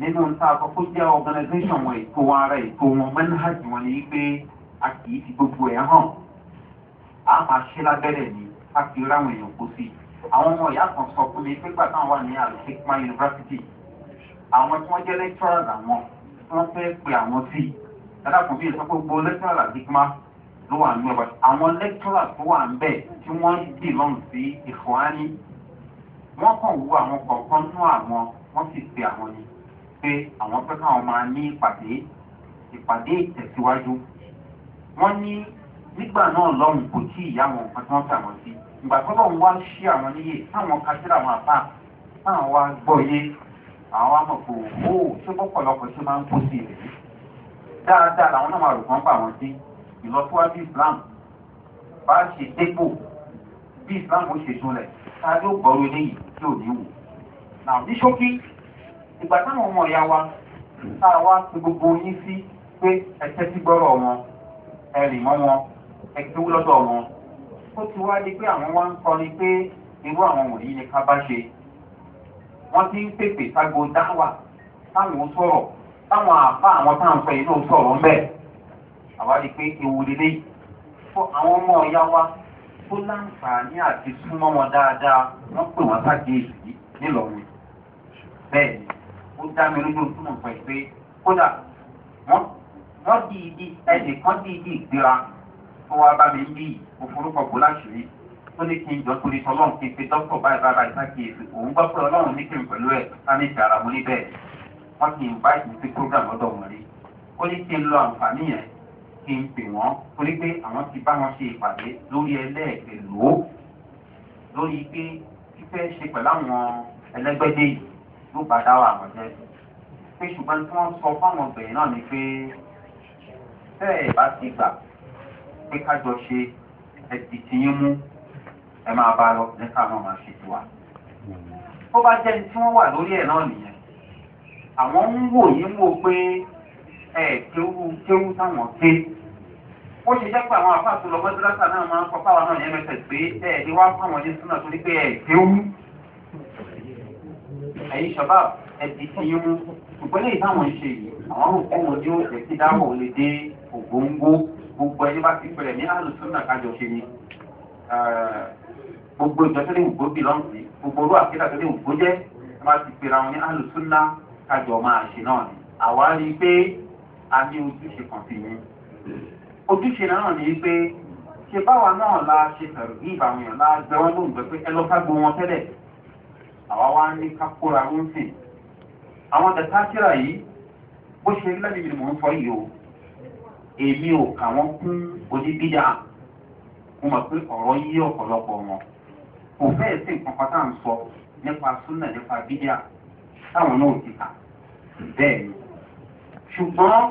nínú ń ta àkọ́kọ́ jẹ́ organisation wọn ètò ara ètò wọn manhaj wọn ni pé a kì í fi gbogbo ẹ̀ hàn a máa ṣe lábẹ́rẹ̀ ni a kì í ráwọn èèyàn kó sí i àwọn ọmọ ìyá kan sọ fún mi pé gbà táwọn wà ní alifekma university àwọn tí wọ́n jẹ́ lecturers àwọn tí wọ́n fẹ́ pe àwọn sí i dáadáa kò bí èso gbogbo lecturers àdìgbà ló wà ní ọba àwọn lecturers tó wà ń bẹ̀ tí wọ́n belong sí ìfọ̀hání wọ́n kàn wú àwọn kọ̀ọ̀kan nú àwọn wọ́n sì pe àwọn ni pé àwọn fẹ́ káwọn máa ní ìpàdé ìpàdé ìtẹ̀síwájú wọ́n ní nígbà náà lọ́hùn kò tí ìyá wọn kan tí wọ́n fẹ́ àwọn sí ìgbà tó lọ́hùn wá ṣí àwọn níyè táwọn ka síra àwọn àbá táwọn wá gbọ́ yé àwọn àmọ̀ kò ó tó pọ̀pọ̀lọpọ̀ tó máa ń kó sí rẹ̀ dáadáa làwọn náà máa rò kán pa àwọn sí ìlọsíwájú islam bá ṣe dépò bí islam ó ṣe sunlẹ̀ ta gbọ́rọ̀ eléyìí tí ò ní wò. now ṣókí ìgbà táwọn ọmọ ìyá wa tá a wá pe gbogbo yín sí pé ẹ̀tẹ́ ti gbọ́rọ̀ wọn ẹ̀rìn mọ́ wọn ẹ̀kẹ́wú lọ́dọ̀ wọn ó ti wá di pé àwọn wá ń kọrin pé irú àwọn wọ̀nyí ni ká bá ṣe wọ́n ti ń pèpè sago dáwà táwọn ò sọ̀rọ̀ táwọn àfa àwọn tá à ń pẹ́ inú sọ̀rọ̀ ńbẹ́ àwa rí i pé ewu lélẹ́ yìí fún àwọn ọmọ ọ̀yá wa tó láǹfààní àti súnmọ́ wọn dáadáa wọ́n pè wọ́n ságéèsì nílọ̀wé bẹ́ẹ̀ ni ó dá mi lójú tí mo pẹ̀ pé kódà wọ́n di ibi ẹnì kan di ibi ìgbéra tó wá bá mi bí òfurufú bó láṣìírí tó ní kí n jọ torí tọ́lọ́run kí n pe dókítà báyìí báyìí sákìyèsí òun gbọ́ pé ọlọ́run ní kí n pẹ̀lú ẹ̀ sáré ti ara mo ní bẹ́ẹ̀ wọ́n ti ń bá ìdí program lọ́dọ̀ wọn rí ó ní kí n lo àǹfààní yẹn kí n pè wọ́n torí pé àwọn ti bá wọn ṣe ìpàdé lórí ẹlẹ́ẹ̀kẹ́ lòó lórí pé fífẹ́ ṣe pẹ̀lú àwọn ẹlẹ́gbẹ́dẹ́ yìí nígbà dáwà àmọ̀jẹ́ pé ṣùgbọ́n tí wọ́n sọ fáwọn obìnrin náà ni pé bẹ́ẹ̀ bá ti gbà pé kájọ ṣe ẹ̀dì tìyín mú ẹ máa bá lọ ní káwọn máa ṣe tiwa. ó bá jẹ́ ní tí wọ́n wà lórí ẹ̀ náà nìyẹn àwọn ń wò yín wò pé ẹ kéwú kéwú táwọn ké ó ṣe jẹ́ pé àwọn àfáàtò lọ́gbọ́n dúrásà náà máa ń kọ́ fáwọn náà ní ẹ̀mẹ́tẹ̀ pé ẹ̀ẹ́dì fáwọn ní súnà torí pé ẹ̀ ẹ̀yin shabab ẹ̀dì tí yín mú ṣùgbọ́n lẹ́yìn táwọn ń ṣe yìí àwọn rò pé wọn ní òṣè tí dáwọ̀ lè dé ògóńgó gbogbo ẹni bá ti pẹ̀lẹ̀ ní àlùsùn náà kájọ ṣe ni gbogbo ìjọ tó lè wù gbóbi lọ́n sí gbogbo orú àkíyà tó lè wù gbó jẹ́ ẹ má ti pera wọn ní àlùsùn náà kájọ máa ṣe náà ni àwa rí i pé a ní ojúṣe kan sí yín ojúṣe náà ni pé ṣe báwa náà la ṣe pẹ̀lú bí ìbàwọn èèyàn la gbẹ wọn lóhùn pé ẹ lọ àwa wá ní ká kóra ń sìn àwọn dàtàkìrà yìí bó ṣe rí lẹ́nu ìmọ̀ ń sọ yìí o èmi ò kà wọ́n kún onídíjà mo mọ̀ pé ọ̀rọ̀ yí ọ̀pọ̀lọpọ̀ wọn kò fẹ́ẹ̀ sí nǹkan kan tá à ń sọ nípa súnà nípa bídíà táwọn náà ti kà bẹ́ẹ̀ ni ṣùgbọ́n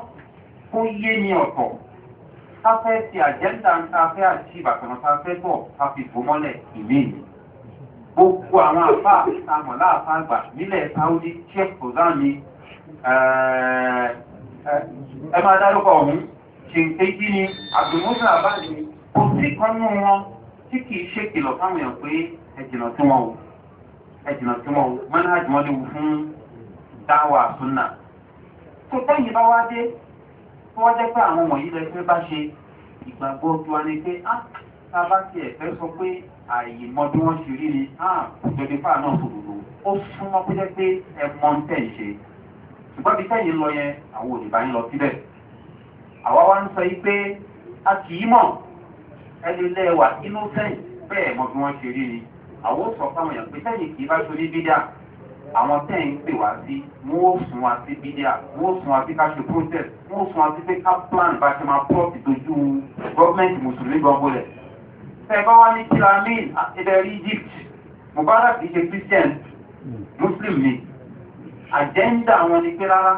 kó yé mi ọ̀tọ̀ ká fẹ́ ti àjẹ́ńdà ń ta fẹ́ àti ìbàtàn ta fẹ́ bọ̀ ká fi bò mọ́lẹ̀ ìmí mi. gbogbo àwọn àfa àmọ̀ láàfa àgbà nílẹ̀ saudi sheikh kozan ni eh, eh, ẹ máa dárúkọ ọ̀hún ṣèǹkejì ni abdulmusa abadi kò sí kan ní wọn tí kì í ṣe kìlọ̀ fáwọn èèyàn pé ẹ jìnnà sí wọn o ẹ jìnnà fún dáwà tó tẹ́yìn àìmọ bí wọ́n ṣe rí ni ah, ìjọba ìfà náà sòdòdò ó súnmọ́ pé jẹ́ pé ẹ mọ ń tẹ̀ ń ṣe ṣùgbọ́n bí tẹ̀yìn lọ yẹn àwọn òdìbá ń lọ síbẹ̀ àwa wá ń sọ yí pé a kì í mọ̀ ẹni lẹ́wà innocent bẹ́ẹ̀ mọ bí wọ́n ṣe rí ni àwọn ò sọ fáwọn èèyàn pé tẹ̀yìn kì í bá ṣorí bídà àwọn tẹ̀ ń pè wá sí wọ́n ó sun wá sí bídà wọ́n ó sun wá sí ká protest wọ́n ó sun wá sí pé ẹ̀bá wá ní tilamin ìbẹ̀rẹ̀ Egypt Mubarak kìí ṣe Christian Muslim ni agenda wọn ni pé rárá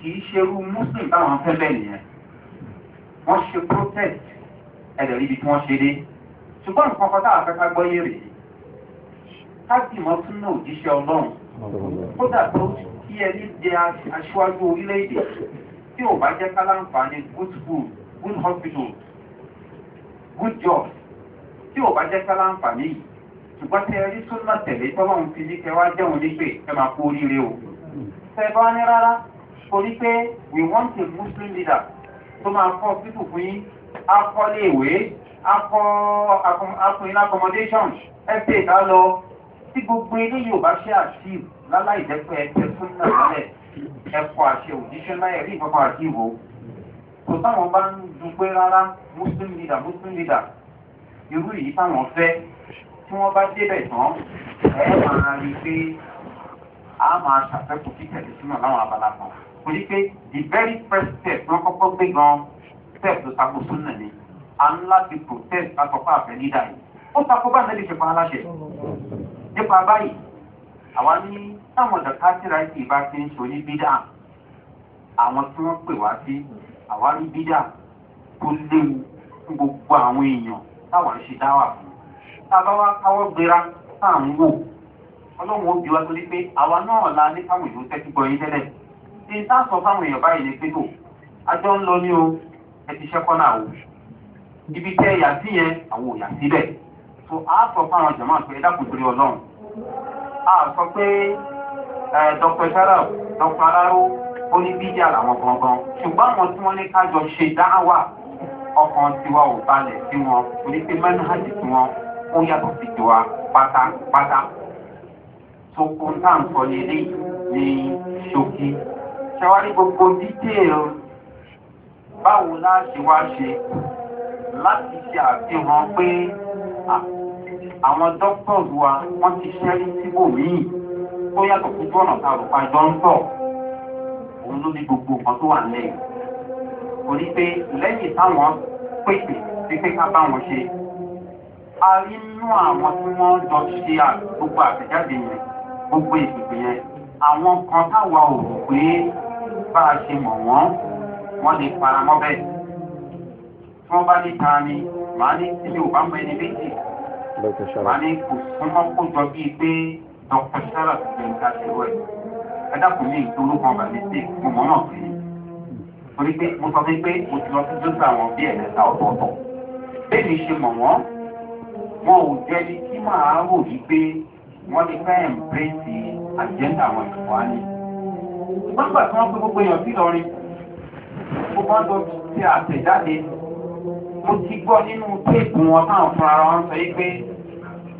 kìí ṣerú Muslim báwọn fẹ́ bẹ́ẹ̀ nìyẹn wọ́n ṣe protest ẹ̀dẹ̀ ríbi tí wọ́n ṣe dé ṣùgbọ́n nǹkan kan táwọn afẹ́ká gbọ́ yé rèé kájìmọ́ tún náà òjíṣẹ́ ọlọ́run kódà tó kí ẹni jẹ aṣáájú orílẹ̀-èdè tí ò bá jẹ́ ká láǹfààní good school good hospital good job tí o bá jẹ́ ká láǹfààní yìí ṣùgbọ́n tẹ ẹ rí súnmọ́ tẹ̀lé tọ́lọ́run fi ní kẹwàá jẹun nígbè ẹ máa kú oríire o. ṣe bá ní rárá torí pé we want a muslim leader tó máa kọ́ pípù fún yín akọ́lé ìwé akọ́ akùnrin accommodation ẹgbẹ́ ìdá lọ tí gbogbo eléyìí ò bá ṣe àṣìw láláì jẹ́ pé ẹ tẹ súnmọ́ lálẹ́ ẹ̀kọ́ àṣẹ òjíṣẹ́ láyẹ̀ rí ìkọ́kọ́ àṣìw o. kò táwọn bá ń dùn pé rárá muslim leader muslim leader irú èyí táwọn fẹ́ tí wọ́n bá débẹ̀ tán ẹ máa rí i pé a máa ṣàfẹ́kù títẹ̀lé sínú láwọn abala kan kò ní pé the very first step wọ́n kọ́kọ́ gbé gan step tó takò súnà ni a ń láti protest àkọ́kọ́ àfẹ́ nídà yìí ó takò bá nílé ìṣẹ̀pá aláṣẹ nípa báyìí àwa ní táwọn dàkà síra ìsì bá ti ń ṣoní bídà àwọn tí wọ́n pè wá sí àwa rí bídà tó léwu fún gbogbo àwọn èèyàn táwọn ń ṣe dáwà fún àbáwá káwọ́ gbéra tá à ń wò ọlọ́run ó bí wa torí pé àwa náà la ní káwọn èèyàn tẹ́tí gbọ́ yín tẹ́lẹ̀ tí n tá sọ fáwọn èèyàn báyìí ni pé tó àjọ ń lọ ní o ẹ ti ṣẹ́kọ́ náà o ibi tẹ́ ẹ̀yà sí yẹn àwọn òyà síbẹ̀ so a sọ fáwọn jọ̀mọ́ pé ẹ dákun torí ọlọ́run a sọ pé ẹ dọ́pẹ́ sára dọ́pẹ́ aráró ó ní bíjà làwọn gangan ṣùgbọ́n àwọn tí wọ́n ní kájọ ṣe dáhà wà ọkàn tiwa ò balẹ̀ sí wọn onípe mẹ́nuhàjì sí wọn ó yàtọ̀ sí tiwa pátápátá. tó kún tá à ń sọ lélẹ̀ ní ṣókí. ṣàwárí gbogbo dídéèl báwo láà ṣe wá ṣe láti ṣe àfihàn pé àwọn dókítọ̀rù wa wọ́n ti ṣẹ́rí síbòmíì tó yàtọ̀ sí ọ̀nà tá a rò pa jọ ń bọ̀ òun ló ní gbogbo nǹkan tó wà lẹ́yìn òní pé lẹ́yìn táwọn pèpè pípé ká bá wọn ṣe a rí nínú àwọn tí wọ́n jọ ṣe gbogbo àtẹ̀jáde yẹn gbogbo ìpèpè yẹn àwọn kan táwa ò rò pé bá a ṣe mọ̀ wọ́n wọ́n lè fara mọ́ bẹ́ẹ̀ tí wọ́n bá ní ta ni màá ní tí mi ò bá mọ ẹni méjì màá ní kò súnmọ́ kó jọ bíi pé dr sarah ti gbẹ̀ǹkà ṣe wẹ̀ ẹ dákun ní ìtòlú kan bàbá mi sí mo náà pé torí pé mo sọ fún pé mo ti lọ sí jósà wọn bí ẹ̀mẹ́ta ọ̀tọ̀ọ̀tọ̀ bẹ́ẹ̀ ni ṣe mọ̀ wọ́n wọn ò jẹ́ni tí màá rò yí pé wọ́n ti fẹ́ ẹ̀mbrẹ́sì àjẹ́ńdà àwọn ìfọ̀ á ní. wọ́n gbà tí wọ́n pé gbogbo èèyàn sí lọ́rin ó bá lọ sí àtẹ̀jáde mo ti gbọ́ nínú téèpù wọn táwọn fúnra wọn sọ yí pé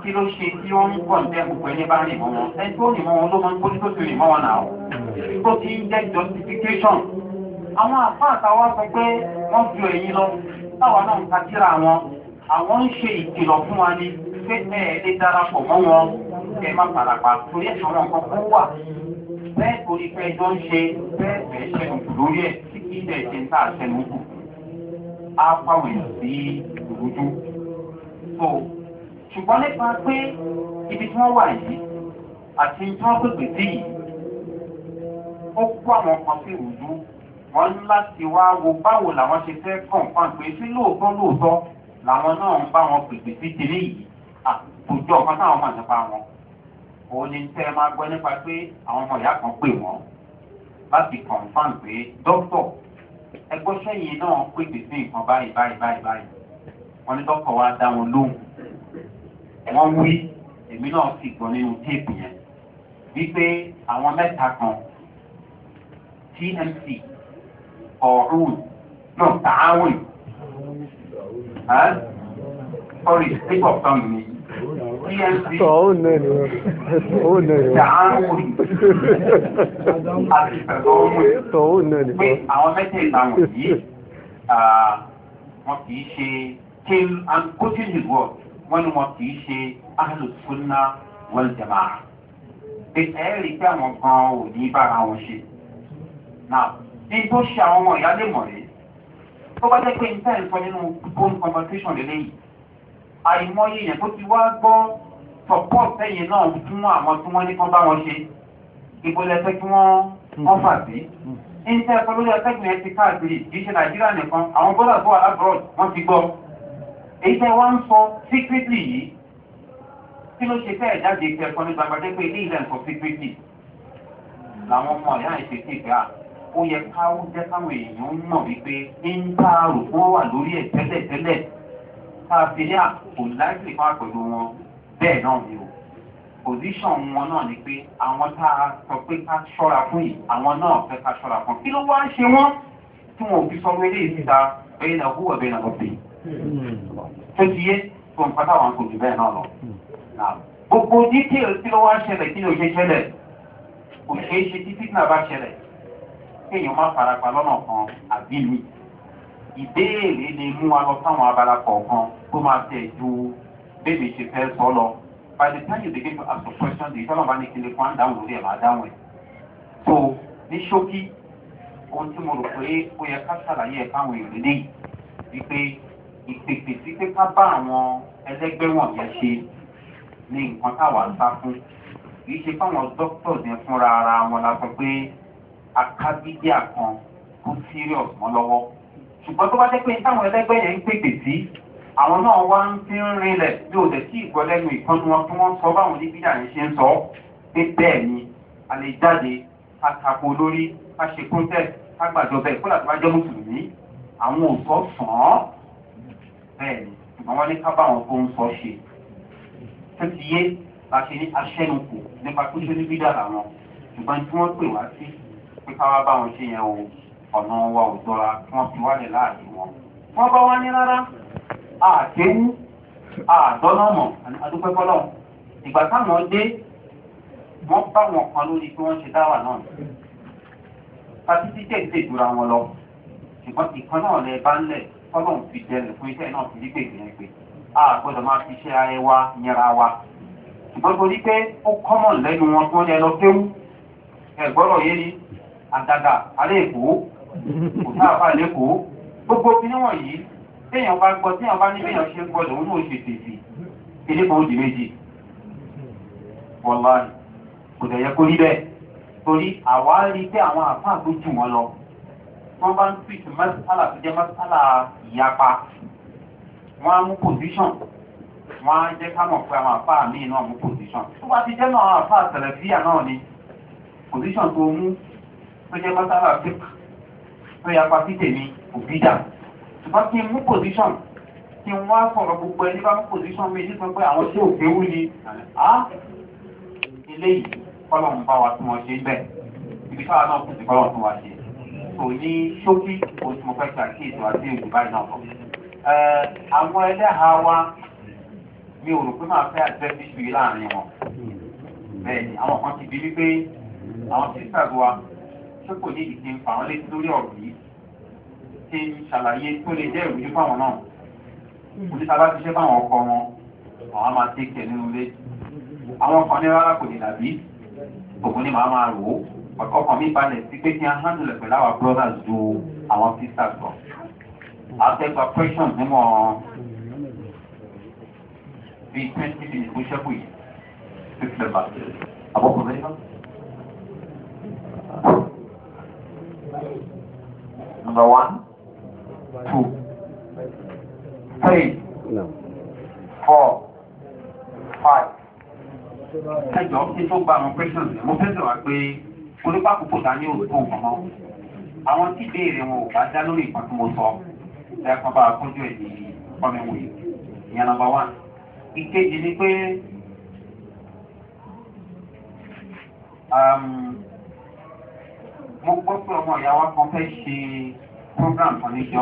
kí ló ṣe tí wọ́n ń pọ̀ níbẹ̀ gbogbo ẹni bá rìn mọ́ wọn ẹni tó rìn mọ́ wọn ló máa ń gbóni tó ti rìn mọ́ wọn náà ó ti ń jẹ́ justification àwọn àfáà táwa sọ pé wọ́n ju èyí lọ táwa náà ń ka síra wọn àwọn ń ṣe ìkìlọ̀ fún wa ni pé ẹ ẹ lè darapọ̀ mọ́ wọn ẹ má farapa torí àwọn nǹkan kan wà bẹ́ẹ̀ torí pé ẹjọ́ ń ṣe bẹ́ẹ̀ bẹ́ẹ̀ ṣẹ̀nù kù lórí ẹ̀ tí kì í dẹ̀ ṣe ń tà ṣẹ̀nù kù á pàwọ̀ èèyàn sí ìrújú. so ṣùgbọ́n nípa pé ibi tí wọ́n wà yìí àti tí wọ́n pèpè sí yìí ó kó àwọn kan sí ìrújú wọ́n láti wá wo báwo làwọn ṣe fẹ́ kọ̀ǹkan pé sí lóòótọ́ lóòótọ́ làwọn náà ń bá wọn pèsè sí tèmi yìí àtòjọ ọ̀kan táwọn mọ̀ nípa wọn. òun ni tẹ́ ẹ máa gbọ́ nípa pé àwọn ọmọ ìyá kan pè wọ́n láti kọ̀ǹfàn pé dókítọ̀ ẹgbẹ́ sẹ́yìn náà pèsè sí nǹkan báyìí báyìí báyìí báyìí wọ́n ní dókítọ̀ wa dá wọn lóhùn wọ́n wí èmi náà sì gbọ́ nínú téèpù yẹn wípé àwọn mẹ́ta kan tmc طاعون no تعاون ها sorry think of something Tọ̀hún náà ni wọ́n. Tọ̀hún náà ni wọ́n. Tààrùn àti ìfẹ̀sọ́wọ́n. Tọ̀hún náà ni wọ́n. Pé àwọn mẹ́tẹ̀ẹ̀ta wọ̀nyí wọn kì í ṣe kill and continue work wọ́n ní wọn kì í ṣe ahlùsúnná wọ́n jẹ̀má. Pé ẹ̀ẹ́rì pé àwọn gan-an ò ní bára wọn ṣe. Now ní tó ṣe àwọn ọmọ ìyá lè mọ̀ rí tó bá jẹ́ pé ní tẹ́lẹ̀ sọ nínú bone consultation lélẹ́yìn àìmọye èèyàn tó ti wá gbọ́ support sẹ́yìn náà fún àwọn tí wọ́n ní kán bá wọn ṣe ìbọlẹ̀fẹ́ kí wọ́n wọ́n fà sí. ní tẹ́lẹ̀ sọ lórí ẹ̀fẹ́gbìn ẹ̀ ti káàkiri kì í ṣe nàìjíríà nìkan àwọn bọ́lá tó wà abroad wọ́n ti gbọ́. èyí tẹ́ wá ń sọ secretly yìí kí ló ṣe fẹ́ẹ̀ jáde ìfẹ́ ẹ̀kọ́ ní gbàgbà jẹ́ pé ilé ìlẹ̀ ń sọ secretly làwọn ọmọ ìyá ìṣèṣì ìfẹ́ à ó yẹ káwọ́ jẹ́ káwọn èèyàn ń mọ̀ wípé ń bá àròkó wà lórí ẹ̀ tẹ́lẹ̀tẹ́lẹ̀ tá fi ní àpò láìsí fún àpẹ̀lú wọn bẹ́ẹ̀ náà ni o pòsíṣàn wọn náà ni pé àwọn tá a sọ pé ká ṣọ́ra fún yìí àwọn náà fẹ́ ká ṣọ́ra fún kí ló wá ṣe wọ́n tí wọn ò fi sọ wọlé ìta bẹ́ẹ̀ náà hùwà bẹ́ẹ̀ náà lọ sí tó ti yé tó ń pátá wọn kò jù bẹ́ẹ̀ náà lọ gbogbo detail tí ló wá ṣẹlẹ̀ kí ló ṣe ṣẹlẹ̀ kò ṣeé ṣe tí fitna bá ṣẹlẹ̀ kéèyàn má farapa lọ́nà kan àbí mi ìbéèrè lè mú wa lọ sáwọn abala kọ̀ọ̀kan tó máa tẹ̀ ju bébè ṣe fẹ́ sọ lọ by the time you begin to ask the question the ìtọ́nà bá ní kí n lè fún àdáhùn lórí ẹ̀ máa dáhùn ẹ̀ so ní ṣókí ohun tí mo rò pé ó yẹ ká ṣàlàyé ẹ̀ fáwọn èrè lẹ́yìn wípé ìpèpè sí pé ká bá àwọn ẹlẹ́gbẹ́ wọ̀nyẹn ṣe ní nǹkan táwa ń sá fún kì í ṣe fáwọn dókítà yẹn fúnra ara wọn la sọ pé akábídíà kan kó serious mọ́ lọ́wọ́ ṣùgbọ́n tó bá jẹ́ pé táwọn ẹlẹ́gbẹ́ yẹn ń pèpè sí àwọn náà wá ń fi ń rinlẹ̀ bí ò dẹ̀ sí ìgbọ́lẹ́nu ìkànnì wọn tí wọ́n sọ báwọn oníbídà yẹn ṣe ń sọ pé bẹ́ẹ̀ ni a lè jáde a tako olórí a ṣe protest a gbàjọba ìkọlà tó bá jẹ́ mùsùlùmí àwọn ò sọ sàn án bẹ́ẹ̀ ni ṣùgbọ́n wọ́n ní ká báwọn tó ń sọ ṣe tó ti yé la ṣe ní aṣẹ́nukù nípa tó ṣe oníbídà làwọn ṣùgbọ́n tí wọ́n pè wá sí pé káwá bá wọn ṣe yẹn o ọ̀nà wa ò dọ́ra kí wọ́n fi wálẹ̀ láàyè wọn. wọ́n bá wá ní rárá àkéwú àdọ́nàmọ̀ adúpẹ́kọ́lọ́ ìgbà táwọn dé wọ́n bá wọn kan lórí bí wọ́n ṣe dáwà náà pàtìsí tẹ̀sí ìdúra wọn lọ ṣùgbọ́n ìkan náà lẹ bá ń lẹ̀ fọlọ́n fi dẹnu fún iṣẹ́ náà fi dígbè gbìyànjú pé a gbọ́dọ̀ máa fi iṣẹ́ ayé wa yẹra wa ṣùgbọ́n torí pé ó kọ́mọ̀ lẹ́nu wọn tó ń lẹ lọ kéwú ẹ̀gbọ́rọ̀ yé ni àtàtà alẹ́ èkó kò sáfà lẹ́kọ̀ọ́ gbogbo kíní wọ̀nyí téèyàn bá gbọ́ téèyàn bá ní béèyàn ṣe gbọ́dọ̀ ó ní oṣù tètè kíní kan ó di méjì wọ́lá kò dẹ̀ yẹ kó rí bẹ́ẹ̀ torí àwa rí pé àwọn àfáà tó jù wọ́n lọ wọ́n bá ń pìtì mọ́sálà tó jẹ́ mọ́sálà ìyapa wọ́n á mú pòsíṣàn wọ́n á jẹ́ ká mọ̀ pé àwọn àfáà míì náà mú pòsíṣàn tó bá ti jẹ́ náà àwọn àfáà tẹ̀lẹ̀ fíyà náà ni pòsíṣàn tó mú tó jẹ́ mọ́sálà fík tó yà pa títè mi kò bí dà ṣùgbọ́n kí n mú pòsíṣàn kí n wá sọ̀rọ̀ gbogbo ẹni bá mú pòsíṣàn mi nípa pé àwọn tí ò gbéwú ni á eléyìí kọ́lọ̀mù bá wa tí wọ́n ṣe bẹ́ẹ̀ ibi táwa náà kù sí kọ́lọ̀mù tó wa ṣe kò ní ṣókí oṣù mo fẹ́ ṣàkíyèsí wa sí ìlú báyìí náà lọ. àwọn ẹlẹ́ha wa mi ò rò pé máa fẹ́ àtẹ́sí ti ṣé kò ní ìdí ń pa wọn létí lórí ọ̀rọ̀ yìí ṣe ṣàlàyé tó lè jẹ́ ìrújú fáwọn náà hmm. kò ní sábà ti ṣe fáwọn ọkọ wọn àwọn máa ṣe kẹ nínú ilé àwọn kan ní rárá kò ní dàbí òkú ni màá máa rò ó ọkàn mi balẹ̀ sí pé kí n handle pẹ̀lú àwọn brothers ju àwọn sisters lọ àtẹ̀gbà questions nímọ̀ bíi twenty minutes ó ṣẹ́kù yìí fifty members àbọ̀kùnrin náà. number one two three four five. ẹjọ́ kí n tó gba àwọn questions mo fẹsẹ̀ wá pé onípàkùkù ta ní òótọ́ òkànmọ́ àwọn tí ìbéèrè wọn ò bá dá lórí ìpàdé tí mo sọ ẹ kàn bá àkójọ ẹ̀ ní pọ́nmẹ́wòye ìyẹn number one ìkejì ni pé. Um, mo gbọ́ pé ọmọ ìyá wa kan fẹ́ ṣe program kan níjọ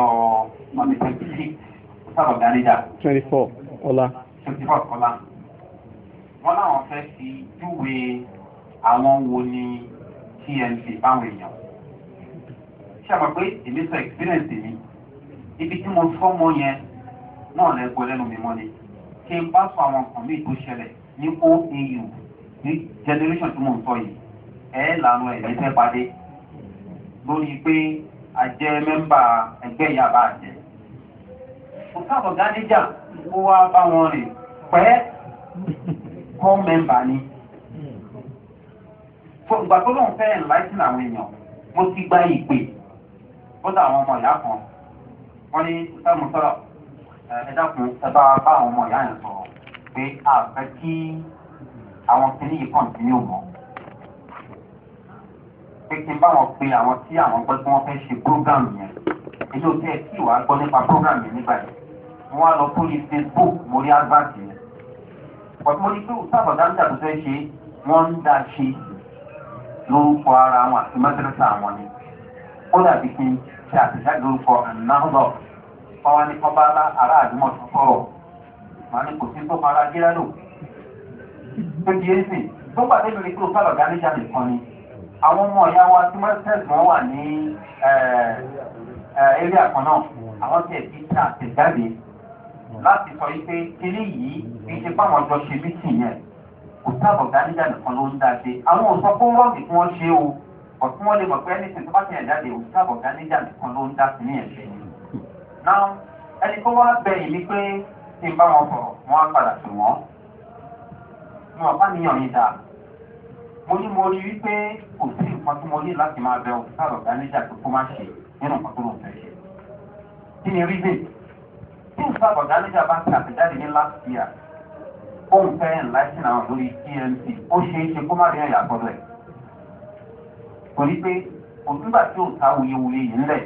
ọdún twenty six sábà gánidà. twenty four ọlá. twenty four ọlá. wọ́n láwọn fẹ́ fi júwe àwọn wo ni tnc báwọn èèyàn. ṣé àmọ́ pé èmi sọ experience mi ibi tí mo fọ́ mọ́ yẹn náà lẹ́gbọ́ lẹ́nu mi mọ́ ni kí n bá sọ àwọn nǹkan míì tó ṣẹlẹ̀ ní oau ní generation tí mo ń sọ yìí ẹ̀ lànà ẹ̀ ní fẹ́ padé lórí pé a jẹ́ mẹ́mbà ẹgbẹ́ ìyá bá jẹ́. Òsáàbọ̀ Gádíjà ó wá bá wọn rìn pẹ́ kọ́ mẹ́mbà ni. Ìgbà tó lóun fẹ́ ẹ̀ńláìsìn àwọn èèyàn, mo ti gba ìpè bọ́dà àwọn ọmọ ìyá kan. Wọ́n ní Sáàmù sọ̀rọ̀ ẹ dákun ẹ bá bá àwọn ọmọ ìyá yẹn sọ̀rọ̀ pé a fẹ́ kí àwọn kìnìyàn kàn sí ní òmò pé kí n bá wọn pe àwọn tí àwọn gbọ́ tí wọ́n fẹ́ ṣe program yẹn èyí ò tẹ́ ẹ tí ìwà gbọ́ nípa program yẹn nígbà yẹn mo wá lọ sórí facebook mo rí advert yẹn pọ̀tù mo rí pé òtún àbọ̀dáńdà tó fẹ́ ṣe wọ́n ń dá ṣe lórúkọ ara wọn àti mẹ́tẹ́rẹ́sà wọn ni ó dàbí kí n ṣe àtẹ̀jáde lórúkọ ànáhùdọ̀ ọwọ́ ní kọ́ bá ará àdúmọ̀ tó sọ̀rọ̀ màá ní kò sí tó fara gíráàdò tó di èsì tó pàdé mi ní kí òtún àbọ̀dáńdà àwọn ọmọ ọ̀yá wa tí wọ́n tẹ̀sí wọn wà ní eré àkàn náà àwọn tẹ̀ ti tà tẹ̀ jáde láti sọ yí pé kiri yìí kì í ṣe fáwọn ọjọ́ ṣe bí tì yẹn kò sábọ̀ dáníjà nìkan ló ń dá ṣe àwọn ò sọ pé rọ́ọ̀dì tí wọ́n ṣe o ọ̀tún wọn lè mọ̀ pé ẹni tí tó bá tẹ̀yẹ̀ jáde ò sábọ̀ dáníjà nìkan ló ń dá sí ní ẹ̀ṣẹ̀ yìí. náà ẹni tó wá bẹ ìní pé tí n bá wọn sọ̀rọ̀ wọn á padà sùn wọ́n. mo wà bá níyàn yín dáa mo ní mo rí wípé kò sí nǹkan tí mo ní láti máa bẹ òun sáà ọ̀gá níjà tó kó má ṣe nínú nǹkan tó lòun fẹ́ ṣe. kí ni rí bẹ́ẹ̀ tí nǹkan ọ̀gá níjà bá ti àtẹ̀jáde ní last year òun fẹ́ enlighten lórí tmc ó ṣe é ṣe kó má rí ẹ̀yà gbọ́dọ̀ ẹ̀. kò ní pé òtúgbà tí òun ta wuyewuye yìí ńlẹ̀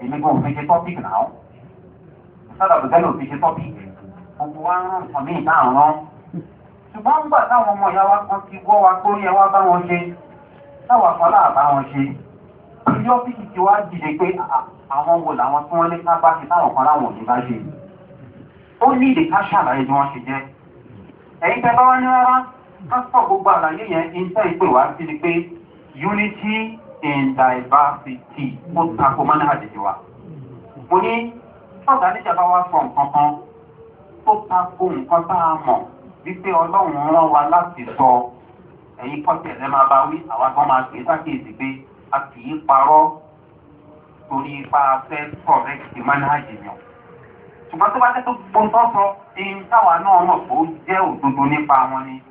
èmi gan òfin ṣe topic náà sáà ọ̀gá lòfin ṣe topic gbogbo wa ṣùgbọ́n ń gbà táwọn ọmọ ìyá wa kan ti wọ́ wa gbórí ẹ wá bá wọn ṣe táwọn àfọlá àbá wọn ṣe ilé ọ́fíìsì ti wá dìde pé àwọn wo làwọn tí wọ́n ní ká bá ṣe táwọn kan láwọn ò ní bá ṣe ó ní ìdè ká ṣàlàyé bí wọ́n ṣe jẹ́ ẹ̀yin tẹ́ bá wá ní rárá ká sọ gbogbo àlàyé yẹn iṣẹ́ ìpè wá sí ni pé unity in diversity ó tako mọ́nà àdìsí wa mo ní sọ́ọ̀dà níjàmbá wa sọ nǹkan kan tó tako nǹkan tá a mọ̀ wípé ọlọ́run rán wa láti sọ ẹ̀yin kọ́tẹ̀ lẹ́ máa bá wí àwa gan máa gbé sákèsì pé a kì í parọ́ torí ipa fẹ́ sọ̀rẹ́ ti mánájì yàn. ṣùgbọ́n tó bá tó gbóńtọ́ sọ ẹyin táwa náà mọ̀ pé ó jẹ́ òdodo nípa wọn ni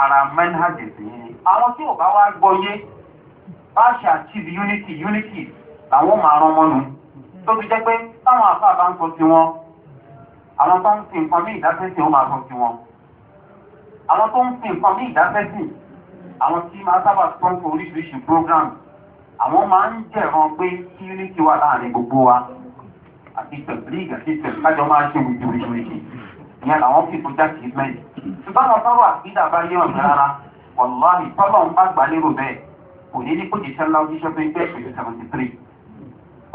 ara ni. àwọn tí ò bá wá bá ṣe àtìbí unity unity làwọn máa rán mọ́nu. tó fi wọn àwọn tó ń fi nǹkan bí ìdásẹ́sìn ó máa sọ sí wọn àwọn tó ń fi nǹkan bí ìdásẹ́sìn àwọn tí máa sábà tọ́jú oríṣiríṣi program àwọn máa ń jẹ̀ràn pé kí ní kí wà láàrin gbogbo wa àti tẹ̀blíìgì àti tẹ̀kájọ máa ṣe wìjìwìjì ìyẹn làwọn fi tó jáde mẹ́rin ṣùgbọ́n àwọn tọ́rọ àbídà bá yé ọ̀gá rárá wàláhì tọ́lọ̀ ń bá gbà lérò bẹ́ẹ̀ kò ní ní kó jẹ́ sẹ́ńlá ojúṣe pé bẹ́ẹ̀ pẹ̀lú seventy three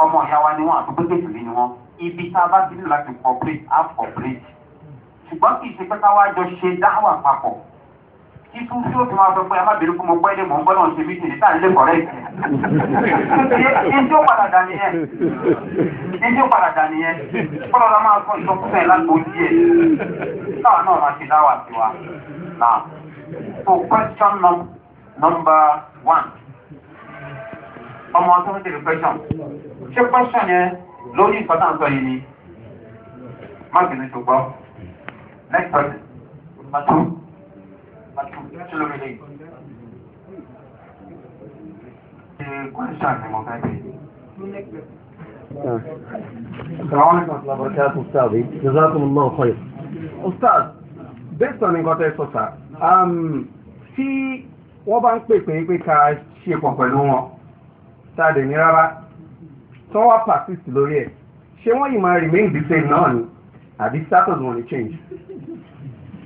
ọmọ ìyá wa ni wọ́n àtúgbẹ́gbẹ́ ìlú ni wọ́n ibi tá a bá ti nílò láti cooperate á cooperate ṣùgbọ́n kì í ṣe pé káwá jọ ṣe dáhùn àpapọ̀ kí tún tí ó fi máa sọ pé amábìrì fún mo pẹ́ lé mọ̀ ń gbọ́dọ̀ ṣe mí tèmi tá à ń lè kọ̀rẹ́ ìtì ìdí ó padà dà nìyẹn ìdí ó padà dà nìyẹn kọ́lọ́ la máa sọ ìsọkúsọ láti ojú ẹ̀ táwa náà máa ṣe dáhùn àti wa náà so question number one ọmọ tó ń tẹ̀lé question ṣé question yẹn lórí ìfọ́tà sọ yìí ni mákìlì tó gbọ́ next person matu matu tí lórí lè ṣe question ni mo fẹ́ bẹ̀rẹ̀. السلام عليكم ورحمة الله وبركاته أستاذي based on nǹkan tẹ́ sọ sá um, tí wọ́n bá ń pè pé pé ká ṣe pọ̀ pẹ̀lú wọn tá a ní rárá tó wá persist lórí ẹ̀ ṣé wọ́n yìí máa remain the same náà ni àbí status wọn lè change.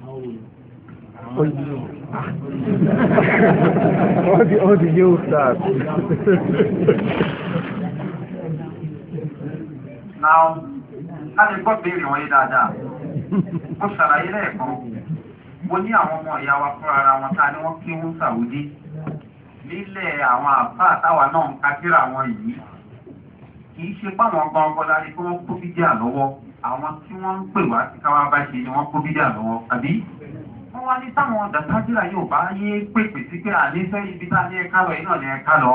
all the all the new stars. now láti gbọ́ béèrè wọ̀nyí dáadáa mo ṣàlàyé lẹ́ẹ̀kan mo ní àwọn ọmọ ìyá wa fúnra ara wọn ta ni wọ́n kí wọ́n ṣàwùdí nílẹ̀ àwọn àbá àtàwà náà ń ka síra wọn yìí kì í ṣe páwọn ọba ọbọlá ni kí wọ́n kó fídíà lọ́wọ́ àwọn tí wọ́n ń pè wá sí káwá bá ṣe ni wọ́n kó fídíà lọ́wọ́ àbí. wọ́n wá ní táwọn dàtàjìlá yóò bá yé pèpè sí pé àníṣe ibi tá a ní ẹ̀ka lọ iná ní ẹ̀ka lọ.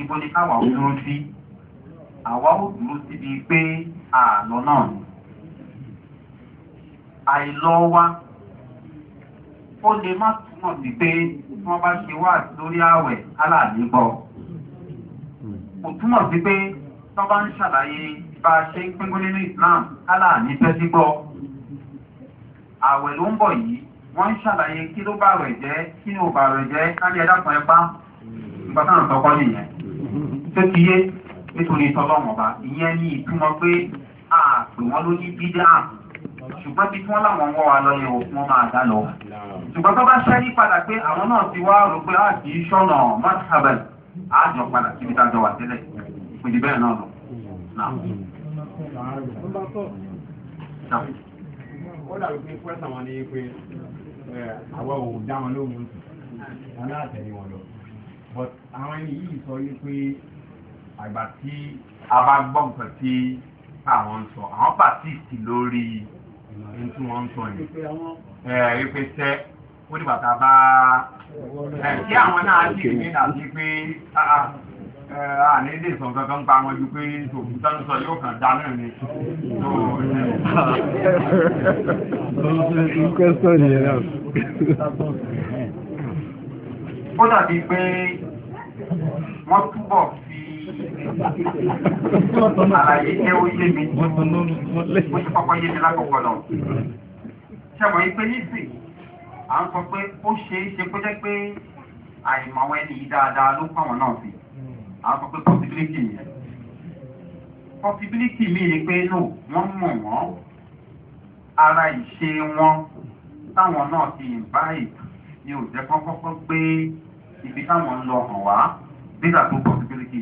ibo ni káwa ó dúró sí àwa ó dúró síbi pé àlọ́ náà ni. àìlọ́ wa ó lè má túmọ̀ sí pé wọ́n bá ṣe wá lórí ààwẹ̀ aláàlẹ́ gbọ́ kò túmọ̀ sí pé tọ́ bá ń ṣàlàyé bá a ṣe ń pínkún nínú islam kálá ní tẹ́tí gbọ́ àwẹ̀ ló ń bọ̀ yìí wọ́n ń ṣàlàyé kí ló bá rẹ̀ jẹ́ kí ló bá rẹ̀ jẹ́ káyé ẹ̀dàkùn ẹ̀pá nígbà táwọn tọkọ nìyẹn tó ti yé nítorí tọ́lọ́mù ọba ìyẹn ní ìtumọ̀ pé a pè wọ́n ló ní bídà ṣùgbọ́n bí wọ́n láwọn wọ́ wa lọ́yẹ̀ o wọ́n máa dá lọ. ṣùgbọ́n tó bá ṣẹ́rí padà pé àwọn náà ti wá rò pé a ah, kì í ṣọ̀nà mọ́tàbẹ̀lì àjọ padà síbi tájọ wà tẹ́lẹ̀ òdì bẹ́ẹ̀ náà lọ. ó dàbí pé pẹ́sà wọn ní pé àwa ò dá wọn lóhùn oṣù wọn náà tẹ̀lé wọn lọ but àwọn ẹni yìí sọ yìí pé àgbà tí a bá gbọ́ nǹkan tí àwọn ń sọ àwọn pàtíìsì lórí ohun tí wọ́n ń sọ yìí ẹ̀ ẹ́ pé sẹ́ ó dìgbà tá bá kí àwọn náà sì ní àti pé àní lè sọ kankan pa wọn ju pé tòun tán sọ yóò kàn dá náà ni. ó dàbí pé wọ́n túbọ̀ àlàyé ẹ ó yé mi ó ti kọ́kọ́ yé mi lákòókò náà ṣe mọ̀ yí pé nísìnyí à ń sọ pé ó ṣe é ṣe pé jẹ́ pé àìmọ̀ àwọn ẹni yìí dáadáa ló pa wọn náà sí à ń sọ pé possibility yẹn possibility mi ni pé no wọ́n mọ̀ wọ́n ara ìṣe wọn táwọn náà ti invite ni ò jẹ́ kọ́kọ́kọ́ gbé ibi táwọn ń lọ hàn wá nígbà tó possibility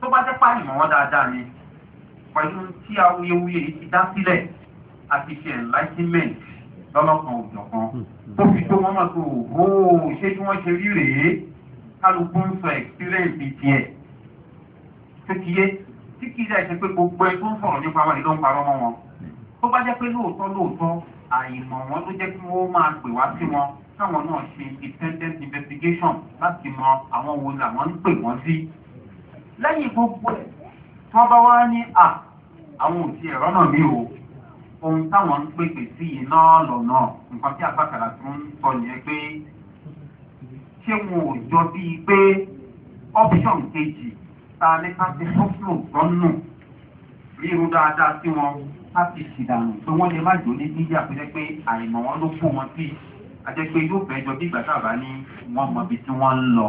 tó bá jẹ́ páàlì mọ́ wọn dáadáa ni pẹ̀lú tí awuyewuye yìí ti dá sílẹ̀ àti ṣe enlightenment lọ́lọ́kan òjọ̀kan hmm. tó fi tó wọ́n mọ̀ pé òhó ṣé tí wọ́n ṣe rí rèé kálukú ń sọ ẹ̀kspírẹ́ǹsì tiẹ̀ tó ti yé tí kì í dá ìṣe pé gbogbo ẹ tó ń sọ̀rọ̀ nípa wọn ìlú ń parọ́ mọ́ wọn tó bá jẹ́ pé lóòótọ́ lóòótọ́ àìmọ̀ wọn ló jẹ́ kí wọ́n máa pè wá sí wọn káwọn náà ṣe independent investigation láti mọ àwọn wo làwọn ń pè wọ́n sí lẹ́yìn gbogbo ẹ̀ tí wọ́n bá wá ní à àwọn òsì ohun táwọn ń pèpè sí yìí náà lọ́nà nǹkan tí agbákàrà tó ń sọ yẹn pé ṣé wọn ò jọ bíi pé option kejì ta ní ká ti fọ́fúlò lọ́nà ríru dáadáa sí wọn ká ti ṣìdànù pé wọ́n lè má jò ní níjà pé jẹ́ pé àìmọ̀ wọn ló kó wọn sí àjẹ́ pé yóò fẹ́ jọ bí ìgbà tàbá ní wọ́n mọ ibi tí wọ́n ń lọ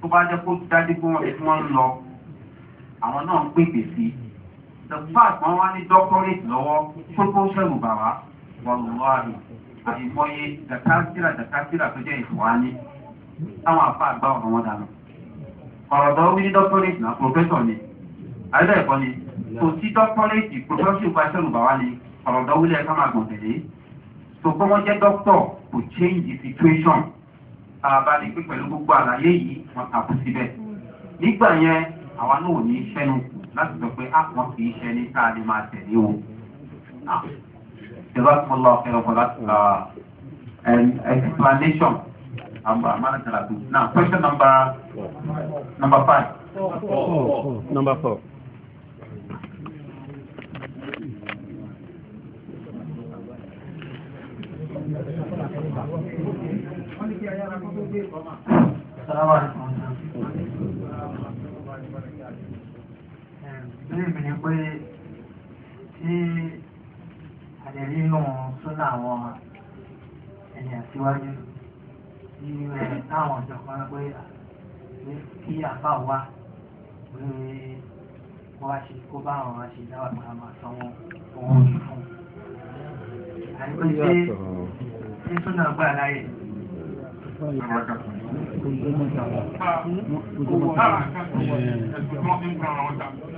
tó bá jẹ́ kó dájú pé wọ́n ibi tí wọ́n ń lọ àwọn náà ń pèpè sí i the fact wọn wá ní doctorate lọ́wọ́ proposal bàbá wàlúwàlú àìmọye dàkásíra dàkásíra tó jẹ́ ìfọ̀wání táwọn afá àgbà ọ̀rọ̀ wọn dànù ọ̀rọ̀ tó wí ní doctorate náà professor ni àìdá ẹ̀kọ́ ni kò sí doctorate professor bàṣẹ́lù bàbá ni ọ̀rọ̀ tó wí lẹ́ẹ̀ká máa gbọ̀n tẹ̀lé so kọ́ wọ́n jẹ́ doctor kò change the situation àbá ní pé pẹ̀lú gbogbo àlàyé yìí wọ́n tàbí síbẹ̀. nígbà yẹn àwa náà ò ní fẹ́nu kù láti sọ pé àpọ̀ ah, kì í ṣe ní tá a lè máa tẹ̀lé o. ṣèlú àtúnlọ ọ̀fẹ́ràn fọlá explanation amánàtàlà tó náà question number number five. number four. Assalamu alaikum. ìbéèrè ni pé tí àlẹ́rí nù súnà àwọn ẹni àtiwájú tí ẹ táwọn ọ̀sẹ̀ pé kí àbá wa pé kó wá ṣe kó bá àwọn àṣẹ dáwà máa máa sanwó owó oṣù fún un. àìpé ṣé súnà gbà láyè. Gracias.